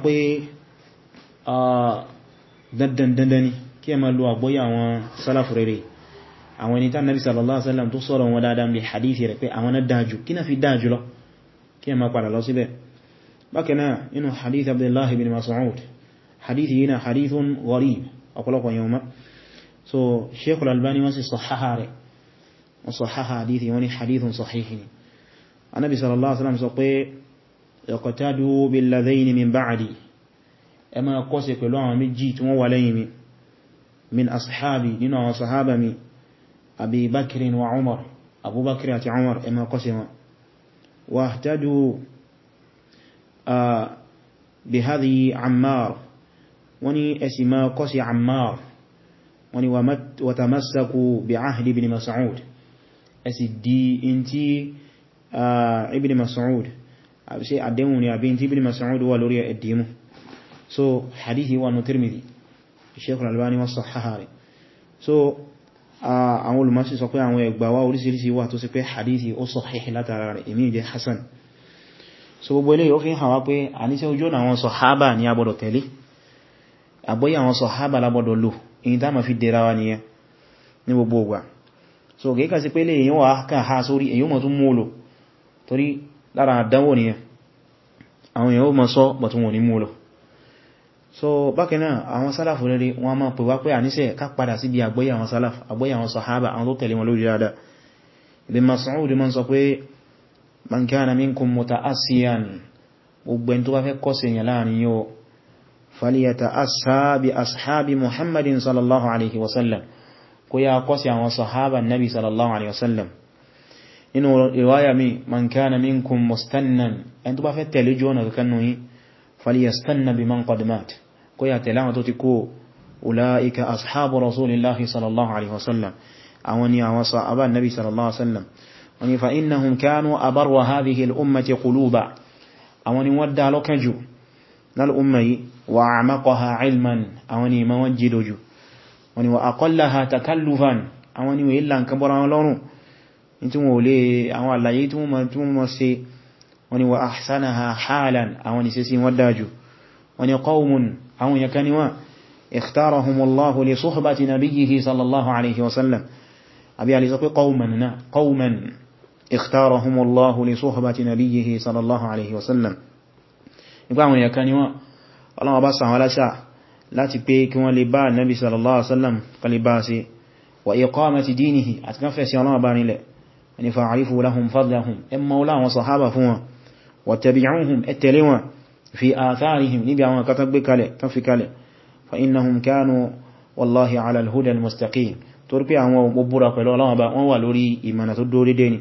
dandan dandan ni kí ẹ ma lo àgbọ́yé àwọn sálàfù rere àwọn ẹni tí Ànábì sallallahu alaihi wasallam tó sọ̀rọ̀ wọn dáadáa bí hadithi rẹ̀ pé àwọn náà dájú kí náà fi dájú lọ kí ẹ ma padà lọ síbẹ̀ bákanáà nínú so Sheikh al-Albani wọ́n sì sọ̀háhà rẹ̀ wọ́n sọ̀háhà hadithi wọ́n ni hadithun sahihin Ànábì sallallahu alaihi wasallam sọ ẹ máa kọ́ṣe pẹ̀lú àwọn méjì tí wọ́n wà lẹ́yìn mi min ashabi nínú àwọn sahaba mi abi bakirin wa umar abubakir àti umar ẹ máa kọ́ṣe wọn wahtadu bi hadhihi ammar wọ́n ni ẹ sì máa kọ́ṣe ammar wọ́n ni wa tamassaku bi ahdi ibn mas'ud ẹ di in tí ibn mas'ud àbí àdéhùn ni àbí in tí ibn mas'ud wà lórí ẹ̀dìmù so hadithi wa nu tirmidhi Sheikh al-Albani wọ́n sahaha so àwọn olùmọ́sí sọ pé àwọn ẹgbà wá orísìírísìí wà tó sì pé hadithi ó sahih látara rẹ̀ èmì jẹ́ hasan so gbogbo ilé yóò fi hàn wá pé a ní sẹ́ ojú ọ̀nà àwọn sọ̀hábà ní abọ́dọ̀ tẹ̀lé àgbọ́yé àwọn sọ̀hábà lábọ́dọ̀ lò èyí tá ma so kìíkà sí pé lè èyí wà kà ha sórí èyí mọ̀ tún múlò torí lára àdánwò nìyẹn àwọn so bákanáà àwọn sálàfù rere wọn máa pè wá pé àníṣẹ́ ká padà sí bí àgbọ́yé àwọn sálàfù àgbọ́yé àwọn sàhábà àwọn tó tẹ̀lé wọn lórí dáadáa Ibn Mas'ud ma ń sọ pé man kana minkum muta'assiyan gbogbo ẹni tó bá fẹ́ kọ́sẹ̀ yẹn láàrin yóò falyata'assa bi ashabi muhammadin sallallahu alaihi wasallam kó yá kọ́sẹ̀ àwọn sàhábà nabi sallallahu alaihi wasallam nínú riwaya mi man kana mustannan ẹni tó bá fẹ́ tẹ̀lé jọ́nà kankan nù yí falyastanna bi man qad mat kó yà tẹ̀lé àwọn tó ti kó ulaika ashabu rasulillahi sallallahu alaihi wasallam àwọn ni àwọn sahaba nabi sallallahu alaihi wasallam wọ́n ní fa innahum kanu abarwa hadhihi al-ummati quluba àwọn ni wọ́n dá wa ahsanaha halan àwọn ni ṣe sí wọ́n dájú wọ́n àwọn èèyàn kan ni wọ́n ikhtarahumullahu li suhbati nabiyyihi sallallahu alaihi wasallam àbí a lè sọ pé qawman náà qawman ikhtarahumullahu li suhbati nabiyyihi sallallahu alaihi wasallam nígbà àwọn èèyàn kan ni wọ́n ọlọ́wọ́ bá sàwọn aláṣà láti pé kí wọ́n lè bá nabi sallallahu alaihi wasallam kalẹ̀ bá sí wa iqamati dinihi àti kan fẹ̀sí ọlọ́wọ́ bá nílẹ̀ ni fa'arifu lahum fadlahum ẹ maula wọn sahaba fún wọn wa tabi'uhum ẹ tẹ̀lé wọn fi atharihim níbi àwọn kan tán gbé kalẹ̀ tán fi kalẹ̀ fa innahum kanu wallahi ala alhuda almustaqim torí pé àwọn òbúra pẹ̀lú ọlọ́wọ́n bá wọ́n wà lórí ìmọ̀nà tó dórí dé ni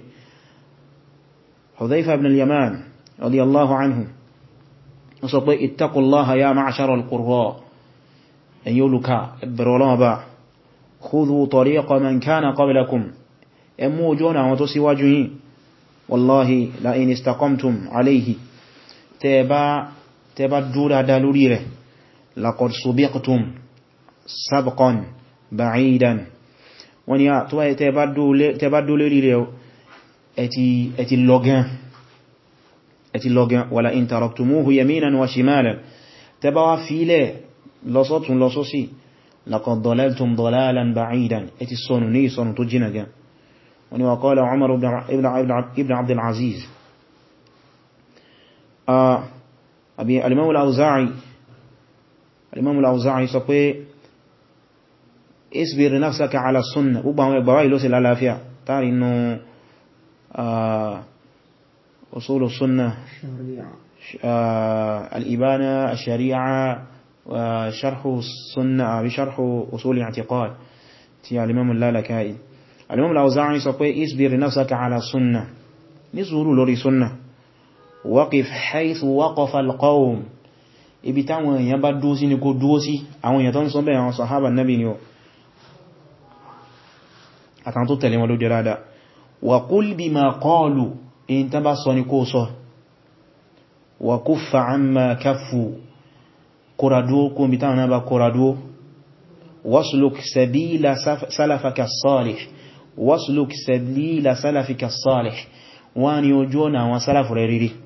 Hudhayfa ibn al-Yaman radiyallahu anhu wọ́n sọ pé ittaqullaha ya ma'ashara al-qurra tẹ bá dúró dáadáa lórí rẹ̀ laqad subiqtum sabqan ba'idan wọ́n ni a ah, tó wáyé tẹ bá dúró lórí rẹ̀ ẹ̀tì lọ́gán wala in taraktumuhu yaminan wa shimalan tẹ bá wá fílẹ̀ lọ́sọ́tún lọ́sọ́sí laqad dalaltum dalalan ba'idan ẹ̀tì sọnù àbí al-Imam al-Awza'i al-Imam al-Awza'i sọ pé isbir nafsaka ala sunna gbogbo àwọn ẹgbàwà ìlú sí lálàáfíà tààrí inú usulu sunna al-ibana al-shari'a sharhu sunna àbí sharhu usul i'tiqad ti al-Imam al-Lalaka'i sọ pé isbir nafsaka ala sunna ní sunna waqif haythu waqafa alqawm ibi táwọn èèyàn bá dúó sí ní kó dúó sí àwọn èèyàn tó ń sọ bẹ́ẹ̀ àwọn sahaba nabi ni ó àtàntó tẹ̀lé wọn ló jẹ́ dáadáa wa qul bima qalu in ta bá sọ ní kó sọ wa kuffa amma kaffu kóradúó kó bí táwọn náà bá kóradúó wasluk sabila salafaka salih wasluk sabila salafika salih wọ́n ni ojú ọ̀nà àwọn rẹ̀ rírí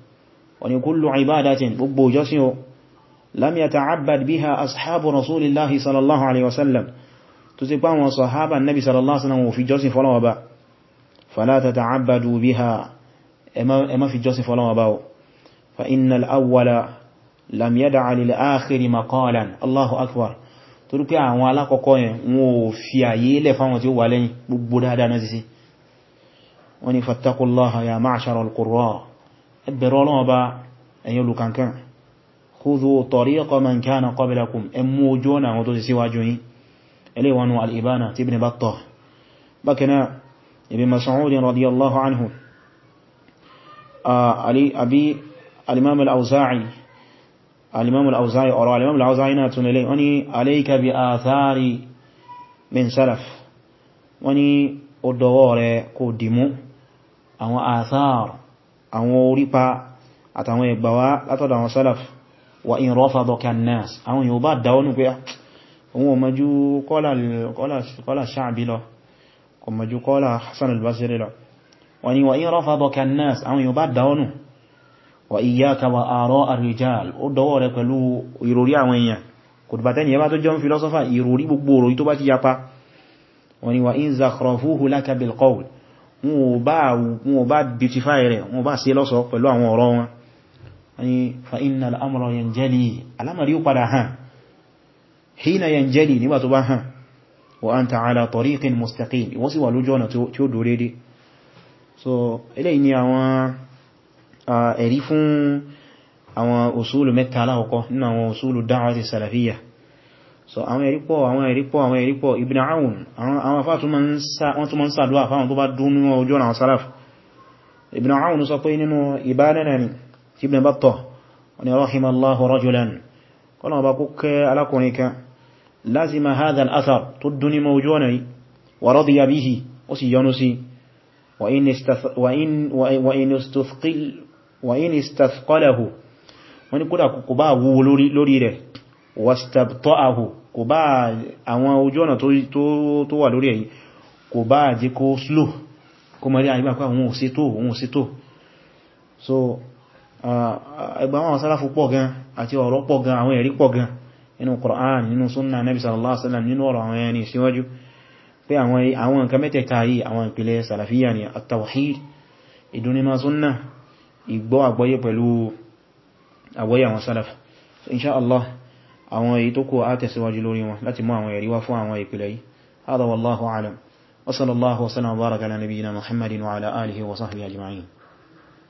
wani kullu ibadatin gbogbo ìjọsìn o lam yata'abbad biha ashabu rasulillahi sallallahu alaihi wasallam tó sì pàwọn sahaba nabi sallallahu alaihi wasallam fi jọsìn fọ́lọ́wọ́ ba fala tata'abbadu biha ẹ má fi jọsìn fọ́lọ́wọ́ ba o ni fattakullaha ya ma'sharal qurra ẹbẹ̀rọ ọlọ́wọ́ bá ẹ̀yin olùkankan khudhu tariqa man kana qablakum ẹ mú ojú ọ̀nà àwọn tó ti síwájú yín ẹlẹ́wọ̀nù al'ibana ti ibn battah bákaná ibn mas'ud radiyallahu anhu àbí al-imam al-awza'i al-imam al-awza'i ọ̀rọ̀ al-imam al-awza'i àwọn athar àwọn orípa àtàwọn ẹgbàwá látọ̀dọ̀ àwọn salaf wa in rafadaka an-nas àwọn yóò bá dáwọ́nù pé ah, òun ò mọ̀jú kọ́lá Sha'bi lọ kò mọ̀jú kọ́lá Hasan al-Basri lọ wọ́n ni wa in rafadaka an-nas àwọn èèyàn bá ti yapa wọ́n ni wọn ò bá beautify rẹ̀ wọn ò bá ṣe lọ́sọ̀ọ́ pẹ̀lú àwọn ọ̀rọ̀ wọn ni fa inna al'amura yanjali alamari ó padà hàn hina yanjali nígbà tó bá hàn wa anta ala tariqin mustaqim ìwọ sì wà lójú ọ̀nà tí ó dúró dédé so eléyìí ni àwọn ẹ̀rí fún àwọn usulu mẹ́ta alákọ̀ọ́kọ́ nínú àwọn usulu da'wati salafiyya so àwọn ẹ̀rí pọ̀ àwọn ẹ̀rí pọ̀ àwọn ẹ̀rí pọ̀ Ibn Aun àwọn afá wọ́n tún ma ń sàdúwà fáwọn tó bá dún nínú ojú ọ̀nà sálàf Ibn Aun sọ pé nínú ìbádẹ́nà ni Ibn Battah wọ́n ni rahimallahu rajulan kọ́nà ọba kó kẹ́ alákùnrin kan lazima hadha al-athar tó dún nínú wọ́n ni kódà kò kò bá àwọn ojú ọ̀nà tó wà lórí èyí kò bá jẹ́ kó slow kó mọ̀ rí àyíbá pé àwọn òsì òun òsì so ah, ẹgbà àwọn sálàfù pọ̀ gan àti ọ̀rọ̀ pọ̀ gan àwọn ẹ̀rí pọ̀ gan nínú Qur'an nínú sunna nabi sallallahu alaihi wasallam nínú ọ̀rọ̀ àwọn ẹni síwájú pé àwọn nǹkan mẹ́tẹ̀ẹ̀ta yìí àwọn ìpìlẹ̀ salafiyya ni at-tawhid ìdúnnímọ̀ sunna ìgbọ́ àgbọ́yé pẹ̀lú àgbọ́yé àwọn salaf àwọn èyí tó kó á tẹ̀síwájú lórí wọn láti mú àwọn ẹ̀ríwá fún àwọn ìpìlẹ̀ yìí hada wallahu wa sallallahu wa sallam baraka ala nabiyyina muhammadin wa ala alihi wa sahbihi ajma'in